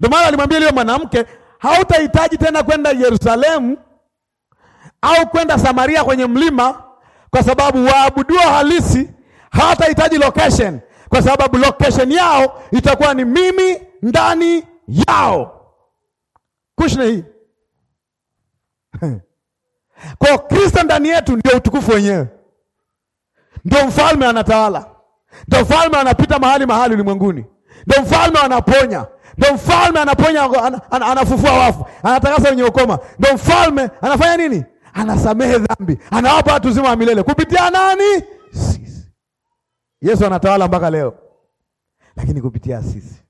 Ndio maana alimwambia yule mwanamke, hautahitaji tena kwenda Yerusalemu au kwenda Samaria kwenye mlima, kwa sababu waabudua halisi hawatahitaji location, kwa sababu location yao itakuwa ni mimi ndani yao. Kushne hii kwa Kristo ndani yetu ndio utukufu wenyewe, ndio mfalme anatawala, ndio mfalme anapita mahali mahali ulimwenguni. Ndio mfalme anaponya, ndio mfalme anaponya, an, an, anafufua wafu, anatakasa wenye ukoma, ndio mfalme anafanya nini? Anasamehe dhambi, anawapa watu uzima wa milele kupitia nani? Sisi. Yesu anatawala mpaka leo, lakini kupitia sisi.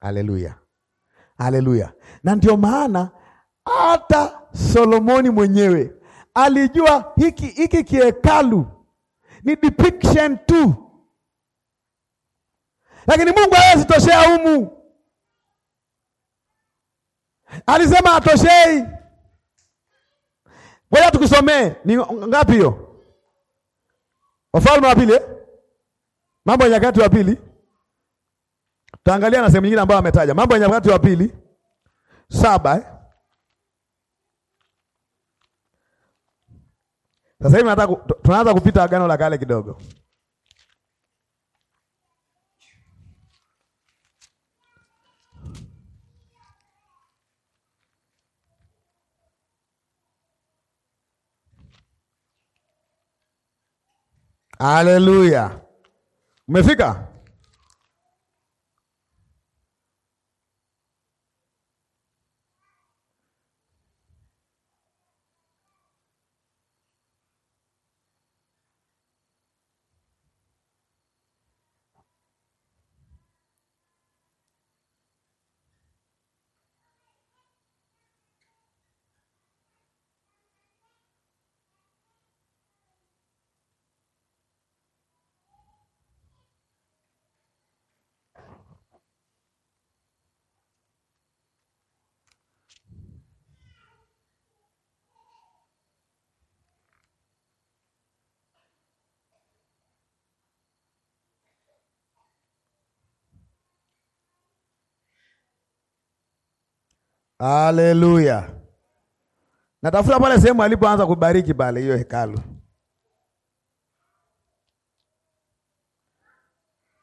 Haleluya, haleluya! Na ndio maana hata Solomoni mwenyewe alijua hiki hiki kiekalu ni depiction tu lakini Mungu hawezi toshea humu, alisema atoshei. Ngoja tukusomee ni ngapi hiyo, Wafalme wa Pili, eh? Mambo ya Nyakati wa Pili. Tutaangalia na sehemu nyingine ambayo ametaja Mambo ya Nyakati wa Pili saba eh? Sasa hivi tunaanza kupita Agano la Kale kidogo. Haleluya, umefika Haleluya. Natafuta pale sehemu alipoanza kubariki pale hiyo hekalu.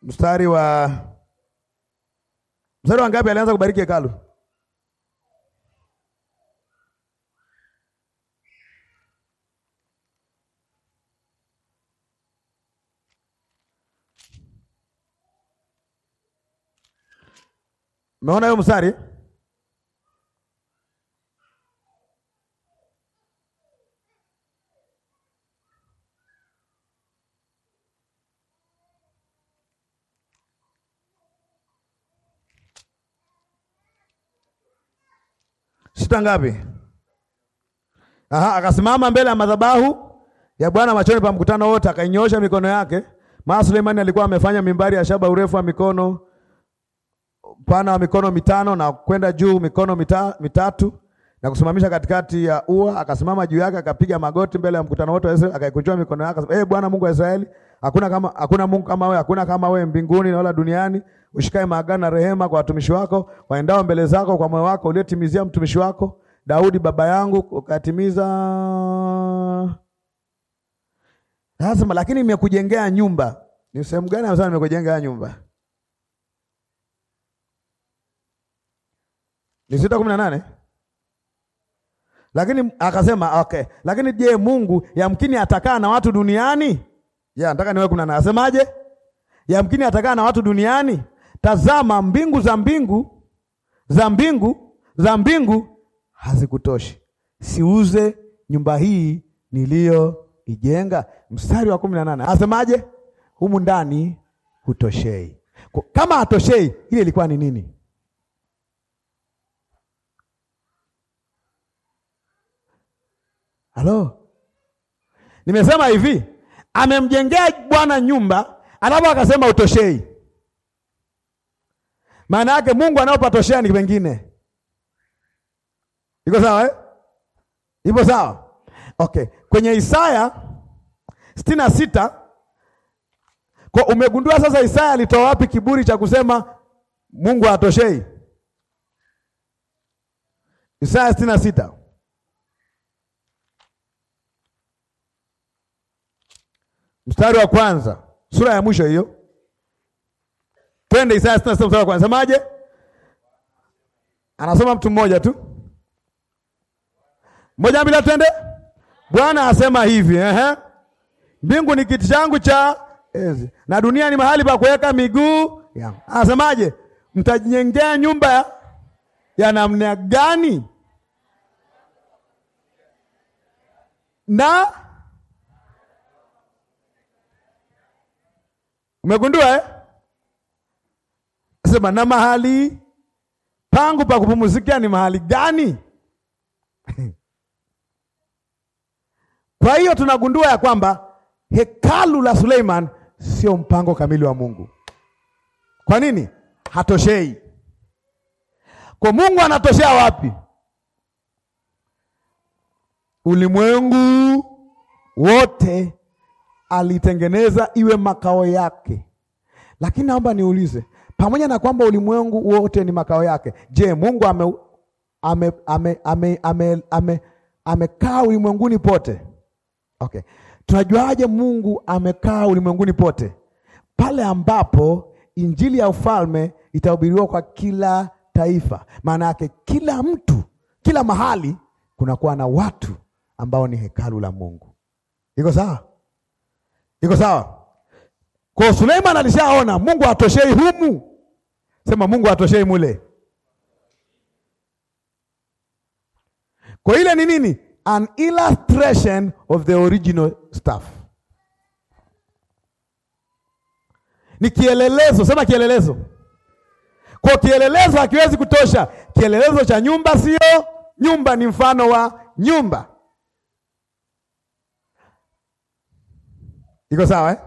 Mstari wa mstari wa ngapi alianza kubariki hekalu? meona hiyo mstari? mita ngapi? Aha, akasimama mbele ya madhabahu ya Bwana machoni pa mkutano wote, akainyoosha mikono yake. Maana Suleimani alikuwa amefanya mimbari ya shaba, urefu wa mikono pana wa mikono mitano na kwenda juu mikono mita, mitatu na kusimamisha katikati ya ua. Akasimama juu yake akapiga magoti mbele ya mkutano wote wa Israeli, akaikunjua mikono yake akasema, eh, Bwana Mungu wa Israeli, hakuna kama hakuna Mungu kama wewe, hakuna kama wewe mbinguni na wala duniani ushikae maagano na rehema kwa watumishi wako waendao mbele zako kwa moyo wako uliotimizia mtumishi wako Daudi baba yangu ukatimiza lazima, lakini nimekujengea nyumba. Ni sehemu gani hasa nimekujengea nyumba? Ni sita kumi na nane lakini akasema okay, lakini je, Mungu yamkini atakaa na watu duniani? Ya, nataka niwe kuna na asemaje? Yamkini atakaa na watu duniani tazama, mbingu za mbingu za mbingu za mbingu hazikutoshi, siuze nyumba hii niliyoijenga. Mstari wa kumi na nane asemaje? Humu ndani hutoshei. Kama hatoshei, ile ilikuwa ni nini? Halo, nimesema hivi, amemjengea Bwana nyumba, alafu akasema utoshei. Maana yake Mungu anaopatoshea ni pengine. Iko sawa eh? Ipo sawa? Okay. Kwenye Isaya sitini na sita kwa umegundua sasa Isaya alitoa wapi kiburi cha kusema Mungu atoshei? Isaya sitini na sita mstari wa kwanza sura ya mwisho hiyo Twende Isaya 66 mstari kwanza. Semaje? Anasoma mtu mmoja tu. Moja bila twende. Bwana asema hivi, ehe. Mbingu ni kiti changu cha enzi na dunia ni mahali pa kuweka miguu yangu. Anasemaje? Mtajengea nyumba ya, ya namna gani? Na umegundua eh? Sema na mahali pangu pa kupumzikia ni mahali gani? Kwa hiyo tunagundua ya kwamba hekalu la Suleiman sio mpango kamili wa Mungu. Kwa nini? Hatoshei. Kwa Mungu anatoshea wapi? Ulimwengu wote alitengeneza iwe makao yake. Lakini naomba niulize, pamoja na kwamba ulimwengu wote ni makao yake. Je, Mungu ame ame amekaa ulimwenguni pote? Okay. Tunajuaje Mungu amekaa ulimwenguni pote? Pale ambapo injili ya ufalme itahubiriwa kwa kila taifa. Maana yake kila mtu, kila mahali kunakuwa na watu ambao ni hekalu la Mungu. Iko sawa? Iko sawa? Kwa Suleiman alishaona Mungu atoshei humu, sema Mungu atoshei mule. Kwa ile ni nini? An illustration of the original stuff, ni kielelezo. Sema kielelezo. Kwa kielelezo hakiwezi kutosha. Kielelezo cha nyumba sio nyumba, ni mfano wa nyumba. Iko sawa eh?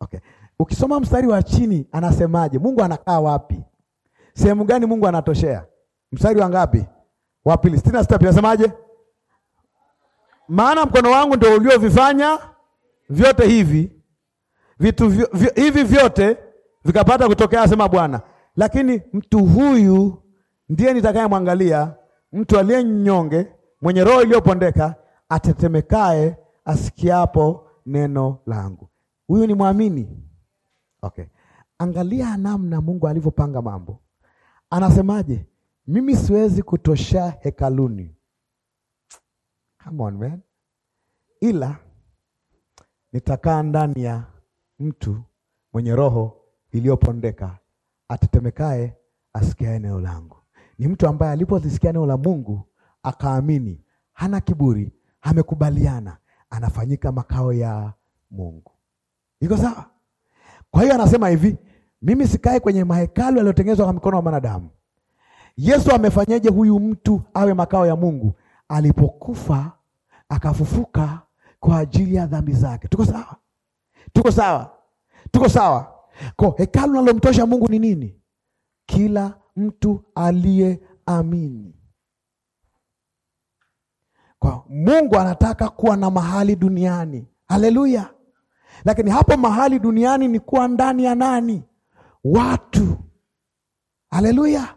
Okay. Ukisoma mstari wa chini anasemaje? Mungu anakaa wapi? Sehemu gani Mungu anatoshea? Mstari wa ngapi? Wa pili, sitini na sita anasemaje? Maana mkono wangu ndio uliovifanya vyote hivi vitu vyo, vyo, hivi vyote vikapata kutokea, asema Bwana. Lakini mtu huyu ndiye nitakayemwangalia, mtu aliye nyonge mwenye roho iliyopondeka, atetemekae asikiapo neno langu. Huyu ni mwamini. Okay. Angalia namna Mungu alivyopanga mambo. Anasemaje? Mimi siwezi kutosha hekaluni. Come on man. Ila nitakaa ndani ya mtu mwenye roho iliyopondeka atetemekae, asikia eneo langu. Ni mtu ambaye alipozisikia neno la Mungu akaamini, hana kiburi, amekubaliana, anafanyika makao ya Mungu. Iko sawa? Kwa hiyo anasema hivi, mimi sikae kwenye mahekalu yaliyotengenezwa kwa mikono wa wanadamu. Yesu amefanyaje huyu mtu awe makao ya Mungu? Alipokufa akafufuka kwa ajili ya dhambi zake. Tuko sawa? Tuko sawa? Tuko sawa? Kwa hekalu linalomtosha Mungu ni nini? Kila mtu aliyeamini. Kwa Mungu anataka kuwa na mahali duniani. Haleluya! Lakini hapo mahali duniani ni kuwa ndani ya nani? Watu. Haleluya!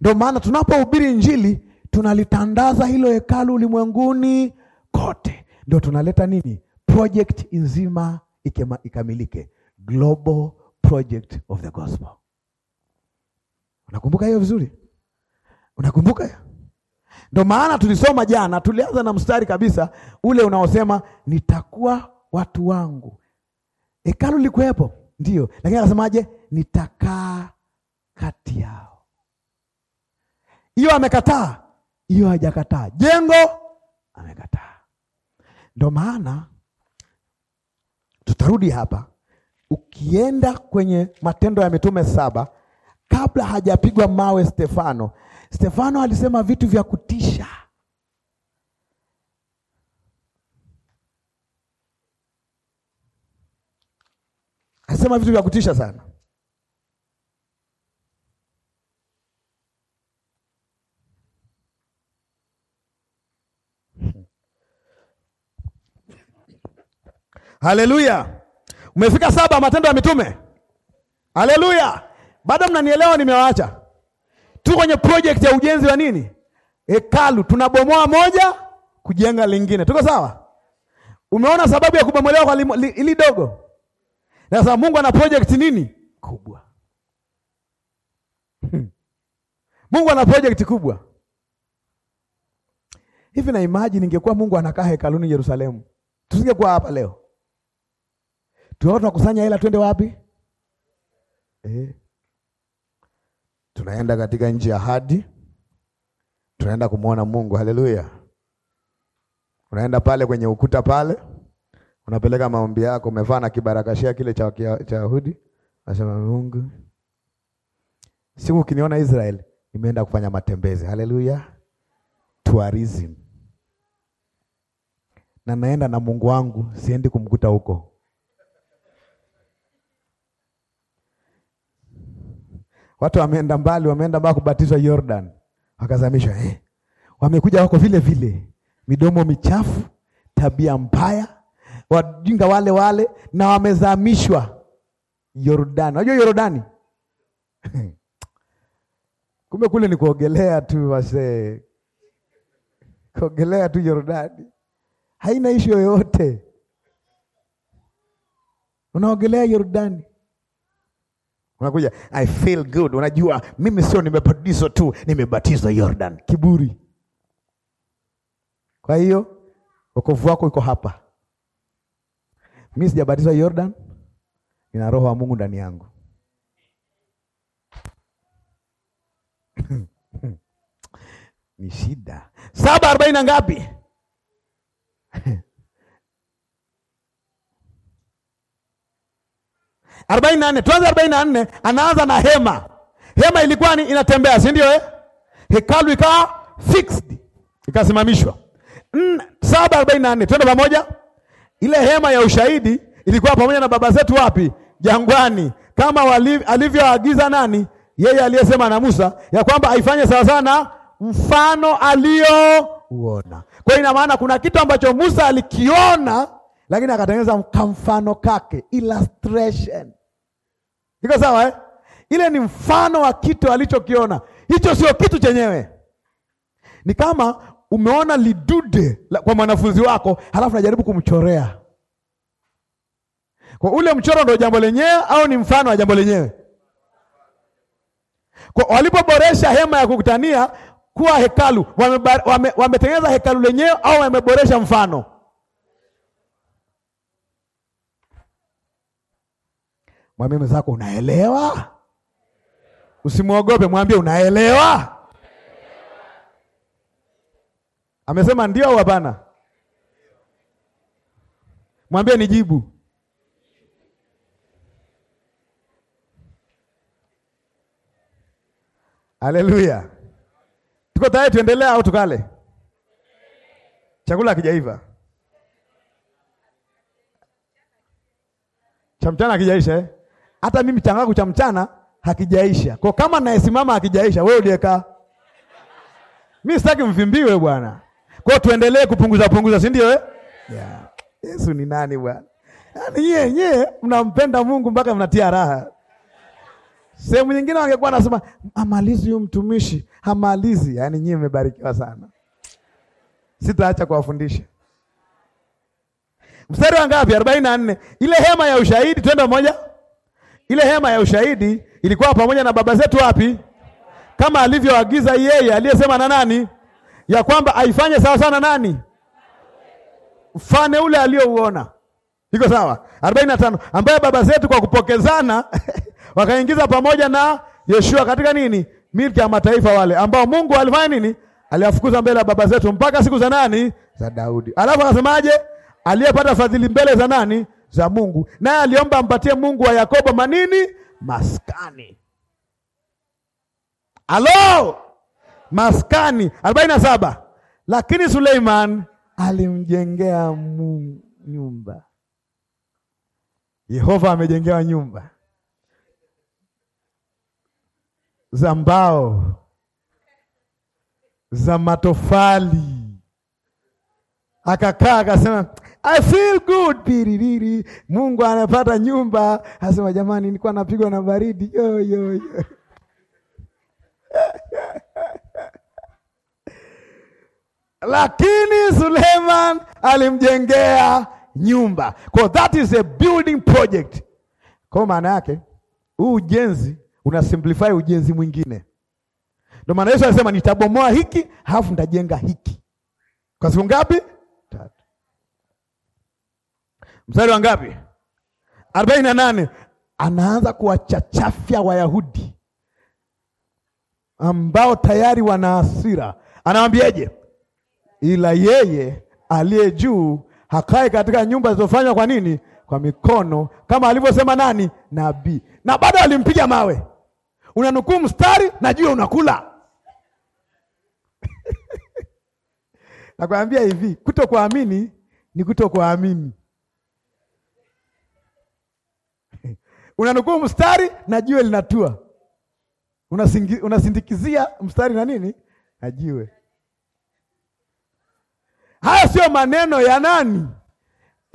Ndio maana tunapohubiri Injili tunalitandaza hilo hekalu ulimwenguni kote, ndio tunaleta nini, project nzima ikamilike, global project of the gospel. Unakumbuka hiyo vizuri? Unakumbuka hiyo? Ndio maana tulisoma jana, tulianza na mstari kabisa ule unaosema nitakuwa watu wangu. Hekalu likuwepo ndio, lakini akasemaje? Nitakaa kati yao. Hiyo amekataa, hiyo hajakataa, jengo amekataa. Ndo maana tutarudi hapa, ukienda kwenye Matendo ya Mitume saba, kabla hajapigwa mawe Stefano, Stefano alisema vitu vya kutisha anasema vitu vya kutisha sana. Haleluya, umefika saba, Matendo ya Mitume. Haleluya, bado mnanielewa? Nimewaacha tu kwenye project ya ujenzi wa nini, hekalu. Tunabomoa moja kujenga lingine, tuko sawa? Umeona sababu ya kubomolewa kwa ili dogo na sasa Mungu ana project nini kubwa? Hmm. Mungu ana project kubwa hivi. Na imagine ingekuwa Mungu anakaa hekaluni Yerusalemu, tusingekuwa hapa leo. Tunao tunakusanya hela twende wapi? Eh, tunaenda katika nchi ya ahadi, tunaenda kumwona Mungu. Haleluya! Unaenda pale kwenye ukuta pale unapeleka maombi yako, umevaa na kibarakashia kile cha cha Yahudi, nasema Mungu, siku ukiniona israel nimeenda kufanya matembezi. Haleluya, tourism na naenda na Mungu wangu, siendi kumkuta huko. Watu wameenda mbali, wameenda mbali kubatizwa Jordan, wakazamishwa eh. Wamekuja wako vile vile, midomo michafu, tabia mbaya wajinga wale wale na wamezamishwa Yordani. Unajua Yordani? Kumbe kule ni kuogelea tu wase. Kuogelea tu Yordani. Haina ishu yoyote. Unaogelea Yordani. Unakuja, I feel good. Unajua mimi sio nimebatizwa tu, nimebatizwa Yordani. Kiburi. Kwa hiyo wokovu wako iko hapa. Mimi sijabatizwa Jordan, nina roho wa Mungu ndani yangu. Ni shida saba arobaini na ngapi? arobaini na nne. Tuanze arobaini na nne. Anaanza na hema. Hema ilikuwa ni inatembea, si ndio? Eh, hekalu ikawa fixed, ikasimamishwa. saba arobaini na nne, twende pamoja. Ile hema ya ushahidi ilikuwa pamoja na baba zetu wapi? Jangwani, kama alivyoagiza nani? Yeye aliyesema na Musa ya kwamba aifanye sawa sana mfano aliyouona. Kwa hiyo ina maana kuna kitu ambacho Musa alikiona, lakini akatengeneza kamfano kake, illustration. Iko sawa eh? Ile ni mfano wa kitu alichokiona, hicho sio kitu chenyewe. Ni kama umeona lidude kwa mwanafunzi wako halafu najaribu kumchorea kwa ule mchoro ndo jambo lenyewe au ni mfano wa jambo lenyewe? Kwa walipoboresha hema ya kukutania kuwa hekalu, wametengeneza wame, wame hekalu lenyewe au wameboresha mfano? Mwambie mwenzako unaelewa, usimwogope, mwambie unaelewa. Amesema ndio au hapana? Mwambie nijibu. Haleluya. Tuko tayari tuendelea au tukale? Chakula hakijaiva. Cha mchana hakijaisha eh? Hata mimi changaku cha mchana hakijaisha. Kwa kama naesimama hakijaisha, wewe uliyekaa. Mimi sitaki mvimbiwe bwana. Kwa tuendelee kupunguza punguza, si ndio eh? Yeah. Yesu ni nani bwana? Yaani yeye yeye mnampenda Mungu mpaka mnatia raha. Sehemu nyingine wangekuwa nasema amalizi huyu mtumishi, amalizi. Yaani nyinyi mmebarikiwa sana. Sitaacha kuwafundisha. Mstari wa ngapi? 44. Ile hema ya ushahidi twende moja. Ile hema ya ushahidi ilikuwa pamoja na baba zetu wapi? Kama alivyoagiza yeye aliyesema na nani? ya kwamba aifanye sawa sana nani mfane ule aliyouona. Iko sawa? 45 ambaye baba zetu kwa kupokezana wakaingiza pamoja na Yeshua katika nini milki ya mataifa wale ambao Mungu alifanya nini aliwafukuza mbele ya baba zetu mpaka siku za nani za Daudi. Alafu akasemaje? Aliyepata fadhili mbele za nani za Mungu, naye aliomba ampatie Mungu wa Yakobo manini maskani. Halo maskani 47, na saba lakini Suleiman alimjengea Mungu nyumba. Yehova amejengewa nyumba za mbao za matofali, akakaa akasema, I feel good piririri. Mungu anapata nyumba, asema jamani, nilikuwa napigwa na baridi yo yo yo lakini Suleiman alimjengea nyumba. Kwa that is a building project. Kwa maana yake huu ujenzi una simplify ujenzi mwingine. Ndio maana Yesu alisema nitabomoa hiki halafu nitajenga hiki. Kwa siku ngapi? Tatu. Mstari wa ngapi? arobaini na nane. Anaanza kuwachachafya Wayahudi ambao tayari wana hasira, anawambiaje? ila yeye aliye juu hakae katika nyumba zilizofanywa kwa nini? Kwa mikono, kama alivyosema nani? Nabii. Na bado alimpiga mawe. Unanukuu mstari, najua unakula Nakwambia hivi, kutokuamini ni kutokuamini. Unanukuu mstari na jiwe linatua, unasindikizia mstari na nini na jiwe Haya sio maneno ya nani?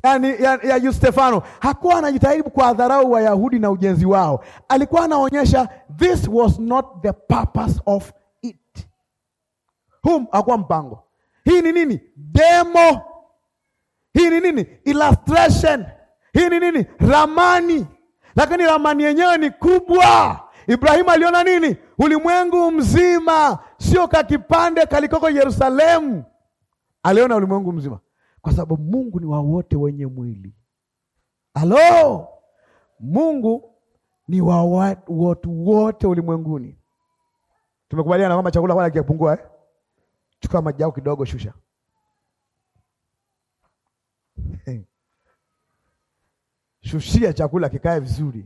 Yaani ya, ya Yustefano. Hakuwa anajitahidi kuwadharau Wayahudi na ujenzi wao. Alikuwa anaonyesha this was not the purpose of it. Hum hakuwa mpango. Hii ni nini? Demo. Hii ni nini? Illustration. Hii ni nini? Ramani. Lakini ramani yenyewe ni kubwa. Ibrahimu aliona nini? Ulimwengu mzima, sio kakipande kalikoko Yerusalemu aliona ulimwengu mzima, kwa sababu Mungu ni wa wote wenye mwili. Halo, Mungu ni wa watu wote ulimwenguni. Tumekubaliana kwamba chakula kwa kiapungua eh? Chukua maji yako kidogo, shusha shushia chakula kikae vizuri,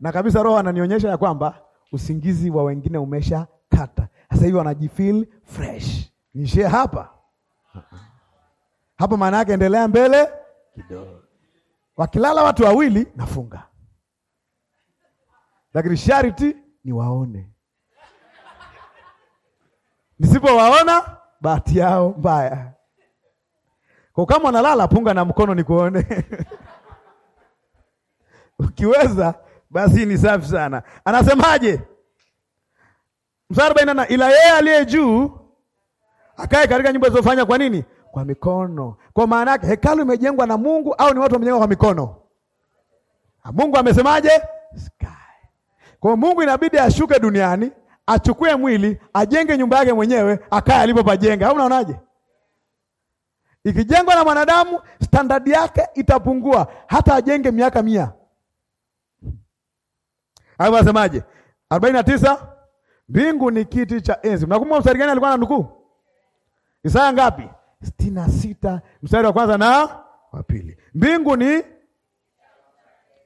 na kabisa Roho ananionyesha ya kwamba usingizi wa wengine umesha kata. Sasa hivi wanajifeel fresh. Nishie hapa hapa, maana yake endelea mbele kidogo. Wakilala watu wawili nafunga, lakini sharti ni waone. Nisipowaona bahati yao mbaya. Kwa kama wanalala, punga na mkono nikuone. Ukiweza basi ni safi sana. Anasemaje? Mstari arobaini na ila yeye aliye juu akae katika nyumba zilizofanya kwa nini? Kwa mikono. Kwa maana yake hekalu imejengwa na Mungu au ni watu wamejengwa kwa mikono? Na ah, Mungu amesemaje? Sky. Kwa Mungu inabidi ashuke duniani, achukue mwili, ajenge nyumba yake mwenyewe, akae alipopajenga. Au unaonaje? Ikijengwa na mwanadamu, standard yake itapungua hata ajenge miaka mia. Au unasemaje? 49 Mbingu ni kiti cha enzi. Mnakumbuka mstari gani alikuwa ananukuu? Isaya ngapi? sitini na sita mstari wa kwanza na wa pili. Mbingu ni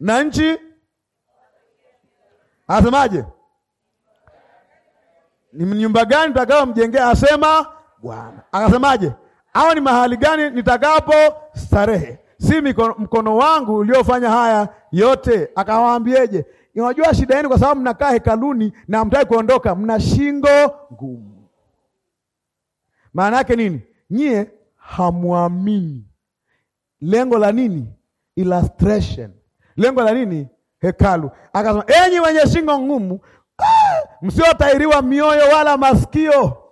na nchi, asemaje? Ni nyumba gani nitakao mjengea, asema Bwana. Akasemaje? Au ni mahali gani nitakapo starehe? Si mikono, mkono wangu uliofanya haya yote. Akawaambieje? Unajua shida yenu kwa sababu mnakaa hekaluni na hamtaki kuondoka, mna shingo ngumu. Maana yake nini? Nyie hamwamini. Lengo la nini? Illustration. Lengo la nini? Hekalu. Akasema, enyi wenye shingo ngumu, ah, msiotairiwa mioyo wala masikio.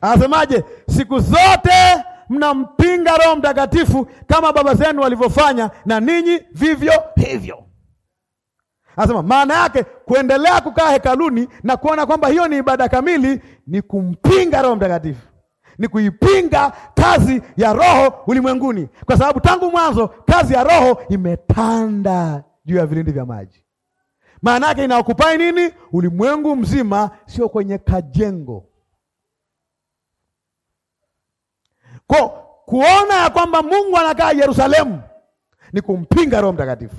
Anasemaje? Siku zote mnampinga Roho Mtakatifu kama baba zenu walivyofanya, na ninyi vivyo hivyo. Anasema maana yake kuendelea kukaa hekaluni na kuona kwamba hiyo ni ibada kamili ni kumpinga Roho Mtakatifu, ni kuipinga kazi ya Roho ulimwenguni, kwa sababu tangu mwanzo kazi ya Roho imetanda juu ya vilindi vya maji. Maana yake inaokupai nini? Ulimwengu mzima, sio kwenye kajengo. Kwa kuona ya kwamba Mungu anakaa Yerusalemu ni kumpinga Roho Mtakatifu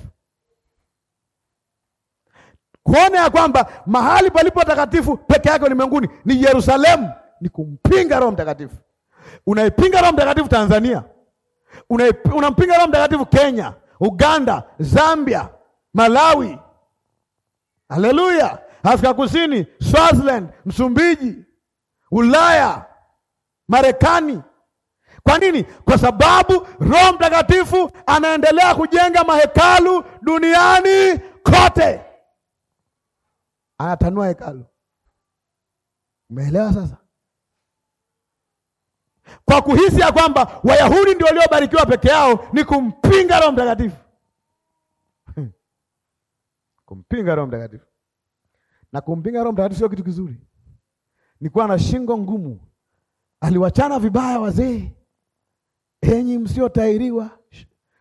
kuona ya kwamba mahali palipo takatifu peke yake ulimwenguni ni Yerusalemu ni kumpinga Roho Mtakatifu. Unaipinga Roho Mtakatifu Tanzania, unampinga Roho Mtakatifu Kenya, Uganda, Zambia, Malawi, haleluya, Afrika Kusini, Swaziland, Msumbiji, Ulaya, Marekani. Kwa nini? Kwa sababu Roho Mtakatifu anaendelea kujenga mahekalu duniani kote anatanua hekalu. Umeelewa sasa? Kwa kuhisi ya kwamba Wayahudi ndio waliobarikiwa peke yao ni kumpinga Roho Mtakatifu. Hmm. Kumpinga Roho Mtakatifu na kumpinga Roho Mtakatifu sio kitu kizuri. Nikuwa na shingo ngumu, aliwachana vibaya wazee. Enyi msiotairiwa,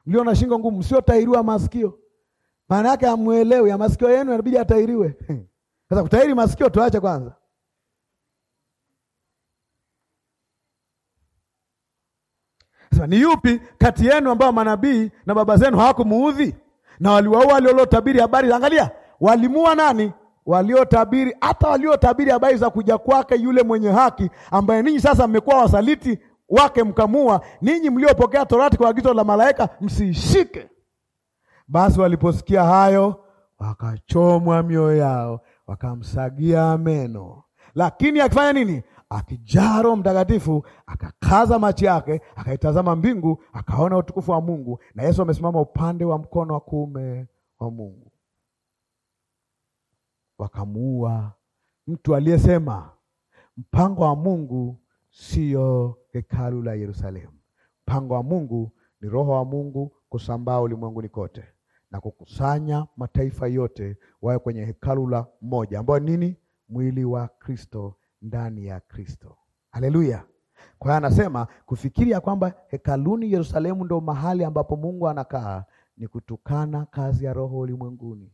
mlio na shingo ngumu, msiotairiwa masikio, maana yake amuelewi, ya masikio yenu yanabidi atairiwe hmm. Sasa kutahiri masikio tuache kwanza. Sasa ni yupi kati yenu ambao manabii na baba zenu hawakumuudhi na waliwaua waliotabiri habari? Angalia, walimua nani? Waliotabiri, hata waliotabiri habari za kuja kwake yule mwenye haki, ambaye ninyi sasa mmekuwa wasaliti wake mkamua. Ninyi mliopokea torati kwa agizo la malaika msishike Basi waliposikia hayo wakachomwa mioyo yao wakamsagia meno, lakini akifanya nini? Akijaa Roho Mtakatifu, akakaza macho yake, akaitazama mbingu, akaona utukufu wa Mungu na Yesu amesimama upande wa mkono wa kuume wa Mungu. Wakamuua mtu aliyesema mpango wa Mungu siyo hekalu la Yerusalemu. Mpango wa Mungu ni Roho wa Mungu kusambaa ulimwenguni kote na kukusanya mataifa yote wawe kwenye hekalu la moja, ambayo nini? Mwili wa Kristo ndani ya Kristo. Haleluya! Kwa hiyo anasema kufikiria kwamba hekaluni Yerusalemu ndio mahali ambapo Mungu anakaa ni kutukana kazi ya Roho ulimwenguni,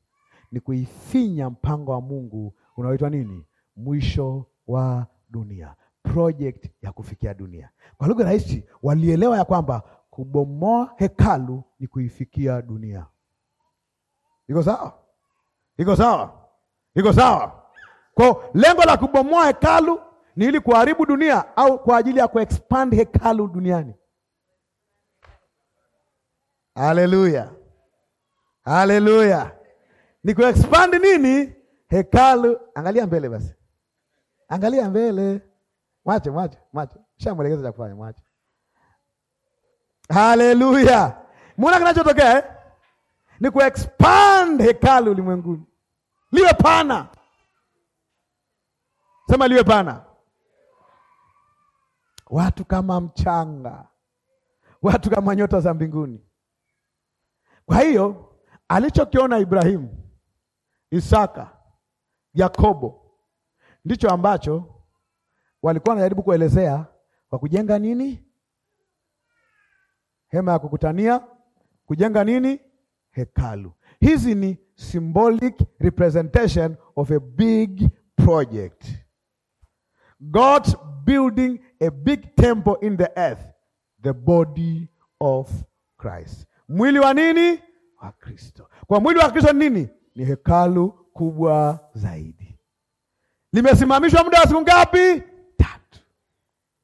ni kuifinya mpango wa Mungu unaoitwa nini? Mwisho wa dunia, project ya kufikia dunia. Kwa lugha rahisi, walielewa ya kwamba kubomoa hekalu ni kuifikia dunia. Iko sawa? Iko sawa? Iko sawa? Kwa lengo la kubomoa hekalu ni ili kuharibu dunia au kwa ajili ya kuexpand hekalu duniani? Haleluya. Haleluya. Ni kuexpand nini? Hekalu. Angalia mbele basi. Angalia mbele. Mwache, mwache, mwache. Shamwelekeza cha kufanya, mwache. Haleluya. Muona kinachotokea eh? ni kuexpand hekalu ulimwenguni, liwe pana. Sema liwe pana, watu kama mchanga, watu kama nyota za mbinguni. Kwa hiyo alichokiona Ibrahimu, Isaka, Yakobo ndicho ambacho walikuwa wanajaribu kuelezea kwa kujenga nini? Hema ya kukutania, kujenga nini? hekalu. Hizi ni symbolic representation of a big project. God building a big temple in the earth, the body of Christ. Mwili wa nini? Wa Kristo. Kwa mwili wa Kristo nini? Ni hekalu kubwa zaidi. Limesimamishwa muda wa siku ngapi? Tatu.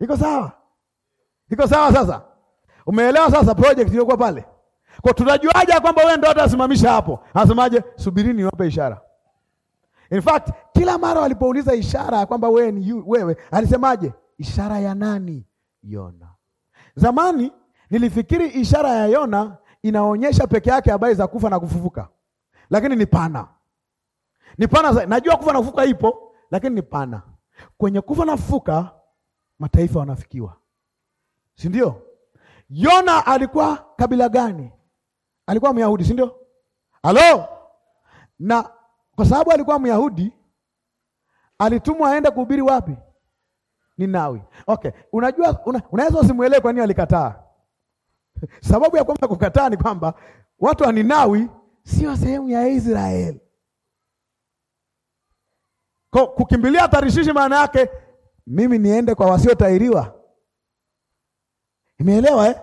Iko sawa? Iko sawa sasa? Umeelewa sasa project iliyokuwa pale? Kwa tunajuaje kwamba wewe ndio utasimamisha hapo? Anasemaje? Subirini niwape ishara. In fact, kila mara walipouliza ishara ya kwamba wewe ni wewe alisemaje? Ishara ya nani? Yona. Zamani nilifikiri ishara ya Yona inaonyesha peke yake habari za kufa na kufufuka, lakini ni pana, ni pana. Najua kufa na kufuka ipo, lakini ni pana. Kwenye kufa na kufuka mataifa wanafikiwa, si ndio? Yona alikuwa kabila gani? alikuwa Myahudi, si ndio? Halo? Na kwa sababu alikuwa Myahudi alitumwa aende kuhubiri wapi? Ninawi. Okay, unajua una, unaweza usimuelewe kwa nini alikataa. Sababu ya kwamba kukataa ni kwamba watu wa Ninawi sio sehemu ya Israeli. Kwa kukimbilia Tarishishi maana yake mimi niende kwa wasiotairiwa. Imeelewa eh?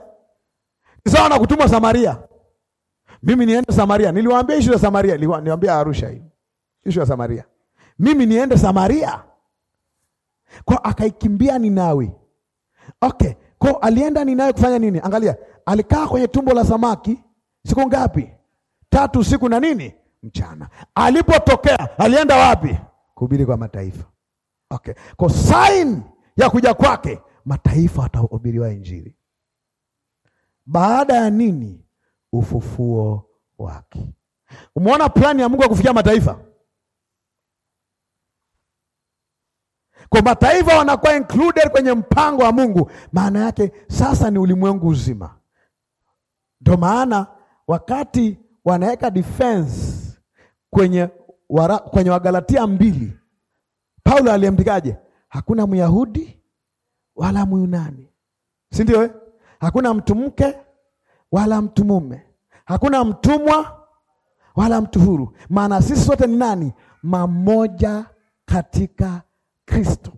sawa na kutumwa Samaria. Mimi niende Samaria. Niliwaambia ishu ya Samaria, niliwaambia Arusha hii. Ishu ya Samaria. Mimi niende Samaria. Kwa akaikimbia Ninawi. Okay, kwa alienda Ninawi kufanya nini? Angalia, alikaa kwenye tumbo la samaki siku ngapi? Tatu siku na nini? Mchana. Alipotokea, alienda wapi? Kuhubiri kwa mataifa. Okay. Kwa sign ya kuja kwake mataifa watahubiriwa Injili. Baada ya nini? ufufuo wake. Umeona plani ya Mungu ya kufikia mataifa. Kwa mataifa wanakuwa included kwenye mpango wa Mungu, maana yake sasa ni ulimwengu uzima. Ndio maana wakati wanaweka defense kwenye, wara, kwenye Wagalatia mbili, Paulo aliandikaje? Hakuna Myahudi wala Myunani, si ndio? Eh? Hakuna mtu mke wala mtu mume, hakuna mtumwa wala mtu huru, maana sisi sote ni nani? Mamoja katika Kristo.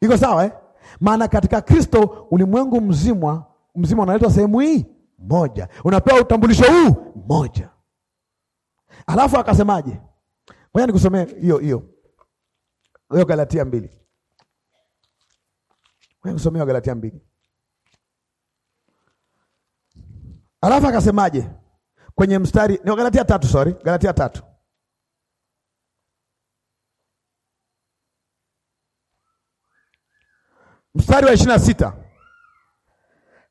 Iko sawa eh? Maana katika Kristo ulimwengu mzima mzima unaletwa sehemu hii moja, unapewa utambulisho huu moja. Alafu akasemaje? Ngoja nikusomee hiyo hiyo hiyo Galatia mbili. Ngoja nikusomee Galatia mbili. Alafu akasemaje kwenye mstari ni Galatia tatu, sorry, Galatia tatu mstari wa ishirini na sita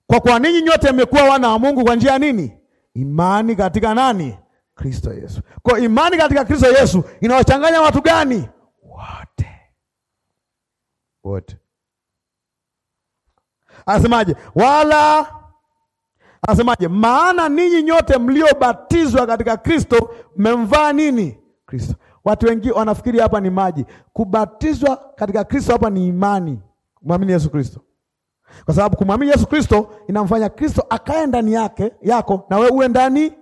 kwa kuwa ninyi nyote mmekuwa wana wa Mungu kwa njia ya nini? Imani katika nani? Kristo Yesu. Kwa imani katika Kristo Yesu inawachanganya watu gani? Wote, wote. Anasemaje? wala Anasemaje? Maana ninyi nyote mliobatizwa katika Kristo mmemvaa nini? Kristo. Watu wengi wanafikiri hapa ni maji. Kubatizwa katika Kristo hapa ni imani, kumwamini Yesu Kristo, kwa sababu kumwamini Yesu Kristo inamfanya Kristo akae ndani yake yako, na we uwe ndani.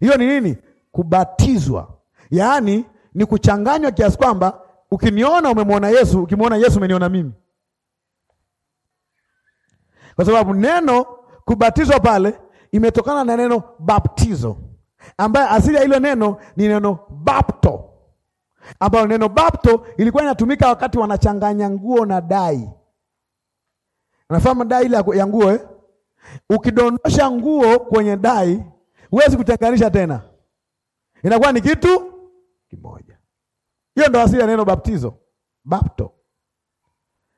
Hiyo ni nini? Kubatizwa, yaani ni kuchanganywa kiasi kwamba ukiniona umemwona Yesu, ukimwona Yesu umeniona mimi, kwa sababu neno kubatizwa pale imetokana na neno baptizo, ambaye asili ya hilo neno ni neno bapto, ambayo neno bapto ilikuwa inatumika wakati wanachanganya nguo na dai. Unafahamu dai ya nguo eh? Ukidondosha nguo kwenye dai huwezi kutenganisha tena, inakuwa ni kitu kimoja. Hiyo ndo asili ya neno baptizo, bapto,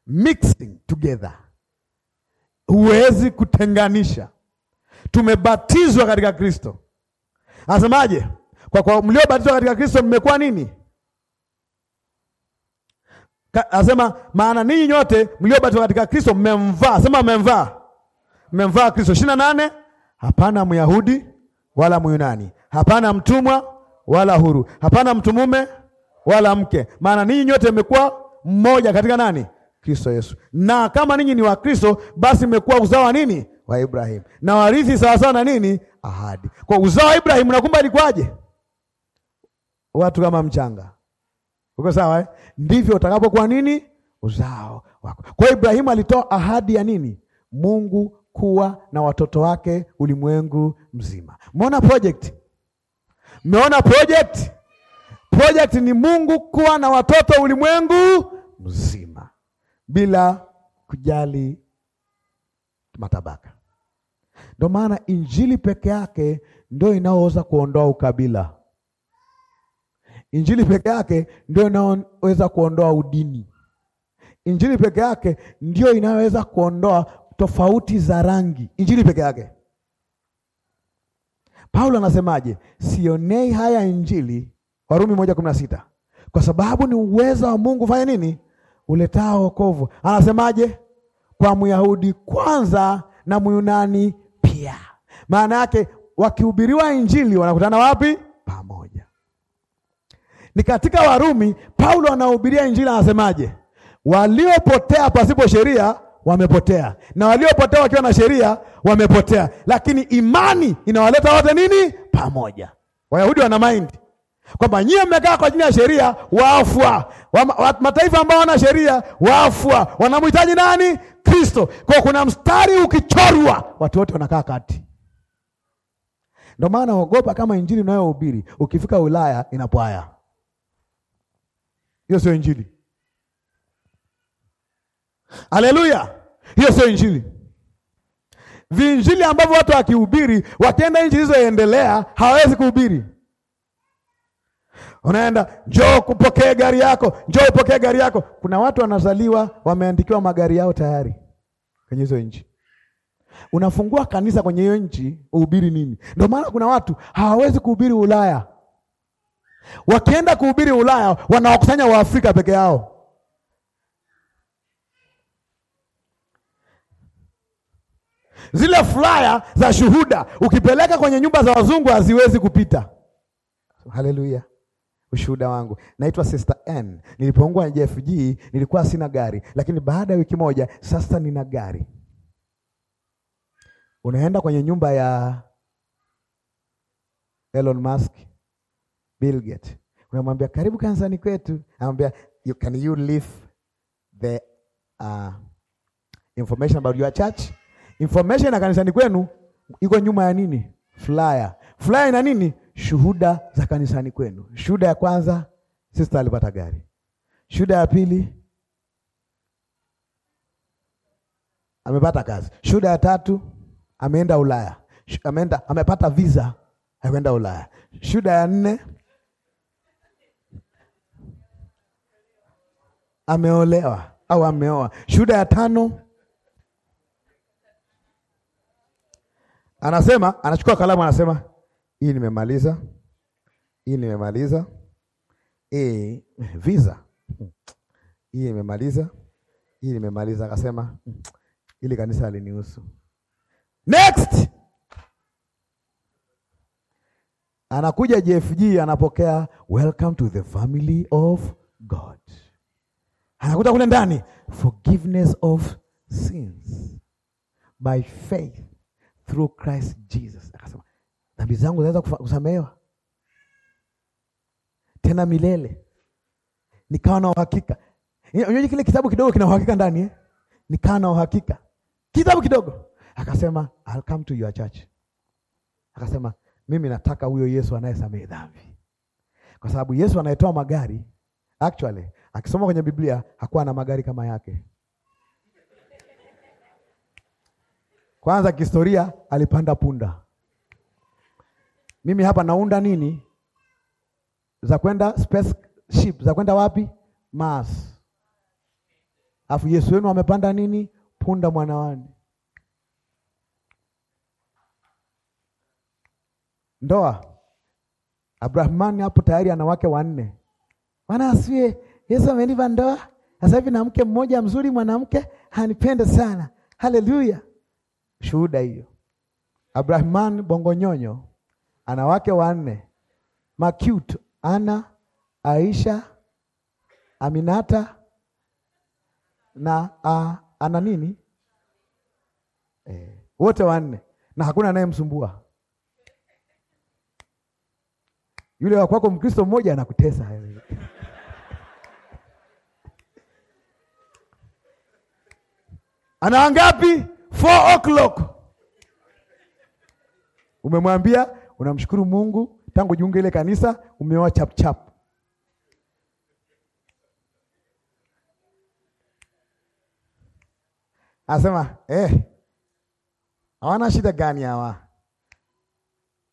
mixing together huwezi kutenganisha. Tumebatizwa katika Kristo, anasemaje? Kwa kwa mliobatizwa katika Kristo mmekuwa nini? Anasema maana ninyi nyote mliobatizwa katika Kristo mmemvaa. Sema mmemvaa, mmemvaa Kristo. ishirini na nane. Hapana Myahudi wala Myunani, hapana mtumwa wala huru, hapana mtumume wala mke, maana ninyi nyote mmekuwa mmoja katika nani? Kristo Yesu. Na kama ninyi ni Wakristo, basi mmekuwa uzao wa nini? Wa Ibrahimu na warithi sawasawa na nini? Ahadi. Kwa uzao wa Ibrahimu nakumba likwaje? Watu kama mchanga. Uko sawa eh? Ndivyo utakapokuwa nini? Uzao wako. Kwa Ibrahimu alitoa ahadi ya nini? Mungu kuwa na watoto wake ulimwengu mzima. Mmeona project? Mmeona project? Project ni Mungu kuwa na watoto ulimwengu mzima bila kujali matabaka. Ndio maana injili peke yake ndio inaoweza kuondoa ukabila. Injili peke yake ndio inaweza kuondoa udini. Injili peke yake ndio inaweza kuondoa tofauti za rangi. Injili peke yake. Paulo anasemaje? Sionei haya injili, Warumi moja kumi na sita, kwa sababu ni uweza wa Mungu fanya nini? uletao wokovu. Anasemaje? Kwa Myahudi kwanza na Myunani pia. Maana yake wakihubiriwa injili wanakutana wapi? Pamoja. Ni katika Warumi Paulo anahubiria injili, anasemaje? Waliopotea pasipo sheria wamepotea, na waliopotea wakiwa na sheria wamepotea, lakini imani inawaleta wote nini? Pamoja. Wayahudi wana maindi kwamba nyie mmekaa kwa ajili ya sheria wafwa wa, wa, mataifa ambao wana sheria wafwa wanamhitaji nani? Kristo. Kwa kuna mstari ukichorwa, watu wote wanakaa kati. Ndio maana ogopa kama injili unayohubiri ukifika Ulaya inapwaya. Hiyo sio injili. Haleluya! Hiyo sio injili. Viinjili ambavyo watu wakihubiri wakienda nchi zilizoendelea hawawezi kuhubiri unaenda njoo kupokea gari yako, njoo upokee gari yako. Kuna watu wanazaliwa wameandikiwa magari yao tayari kwenye hizo nchi. Unafungua kanisa kwenye hiyo nchi, uhubiri nini? Ndio maana kuna watu hawawezi kuhubiri Ulaya. Wakienda kuhubiri Ulaya, wanawakusanya Waafrika peke yao. Zile flyer za shuhuda ukipeleka kwenye nyumba za wazungu haziwezi kupita. Haleluya! ushuhuda wangu. Naitwa Sister N. Nilipoungua JFG nilikuwa sina gari, lakini baada ya wiki moja sasa nina gari. Unaenda kwenye nyumba ya Elon Musk, Bill Gates, unamwambia karibu kanisani kwetu, anamwambia you, can you leave the uh, information about your church? Information ya kanisani kwenu iko nyuma ya nini? Flyer. Flyer ina nini? shuhuda za kanisani kwenu. Shuhuda ya kwanza, sister alipata gari. Shuhuda ya pili, amepata kazi. Shuhuda ya tatu, ameenda Ulaya, ameenda amepata visa ya kwenda Ulaya. Shuhuda ya nne, ameolewa au ameoa. Shuhuda ya tano anasema, anachukua kalamu, anasema hii nimemaliza, hii nimemaliza, e, visa hii nimemaliza, hii nimemaliza. Akasema ili kanisa alinihusu. Next anakuja JFG, anapokea welcome to the family of God, anakuta kule ndani forgiveness of sins by faith through Christ Jesus. Akasema dhambi zangu zinaweza kusamehewa tena milele, nikawa na uhakika. Unajua kile kitabu kidogo kina uhakika ndani eh? Nikawa na uhakika kitabu kidogo. Akasema I'll come to your church, akasema mimi nataka huyo Yesu anayesamehe dhambi, kwa sababu Yesu anayetoa magari actually, akisoma kwenye Biblia hakuwa na magari kama yake. Kwanza kihistoria, alipanda punda mimi hapa naunda nini za kwenda spaceship za kwenda wapi? Mars. Alafu Yesu wenu amepanda nini? Punda mwanawani. Ndoa, Abrahamani hapo tayari ana wake wanne. Bwana asiye Yesu amenipa ndoa sasa hivi na mke mmoja mzuri, mwanamke anipende sana. Haleluya! Shuhuda hiyo, Abrahamani nyonyo ana wake wanne Makute, Ana, Aisha, Aminata na a, ana nini eh, wote wanne na hakuna anayemsumbua. Yule wa kwako Mkristo mmoja anakutesa ana wangapi? 4 o'clock umemwambia Unamshukuru Mungu tangu jiunge ile kanisa umeoa chap chap. Asema eh, hawana shida gani hawa?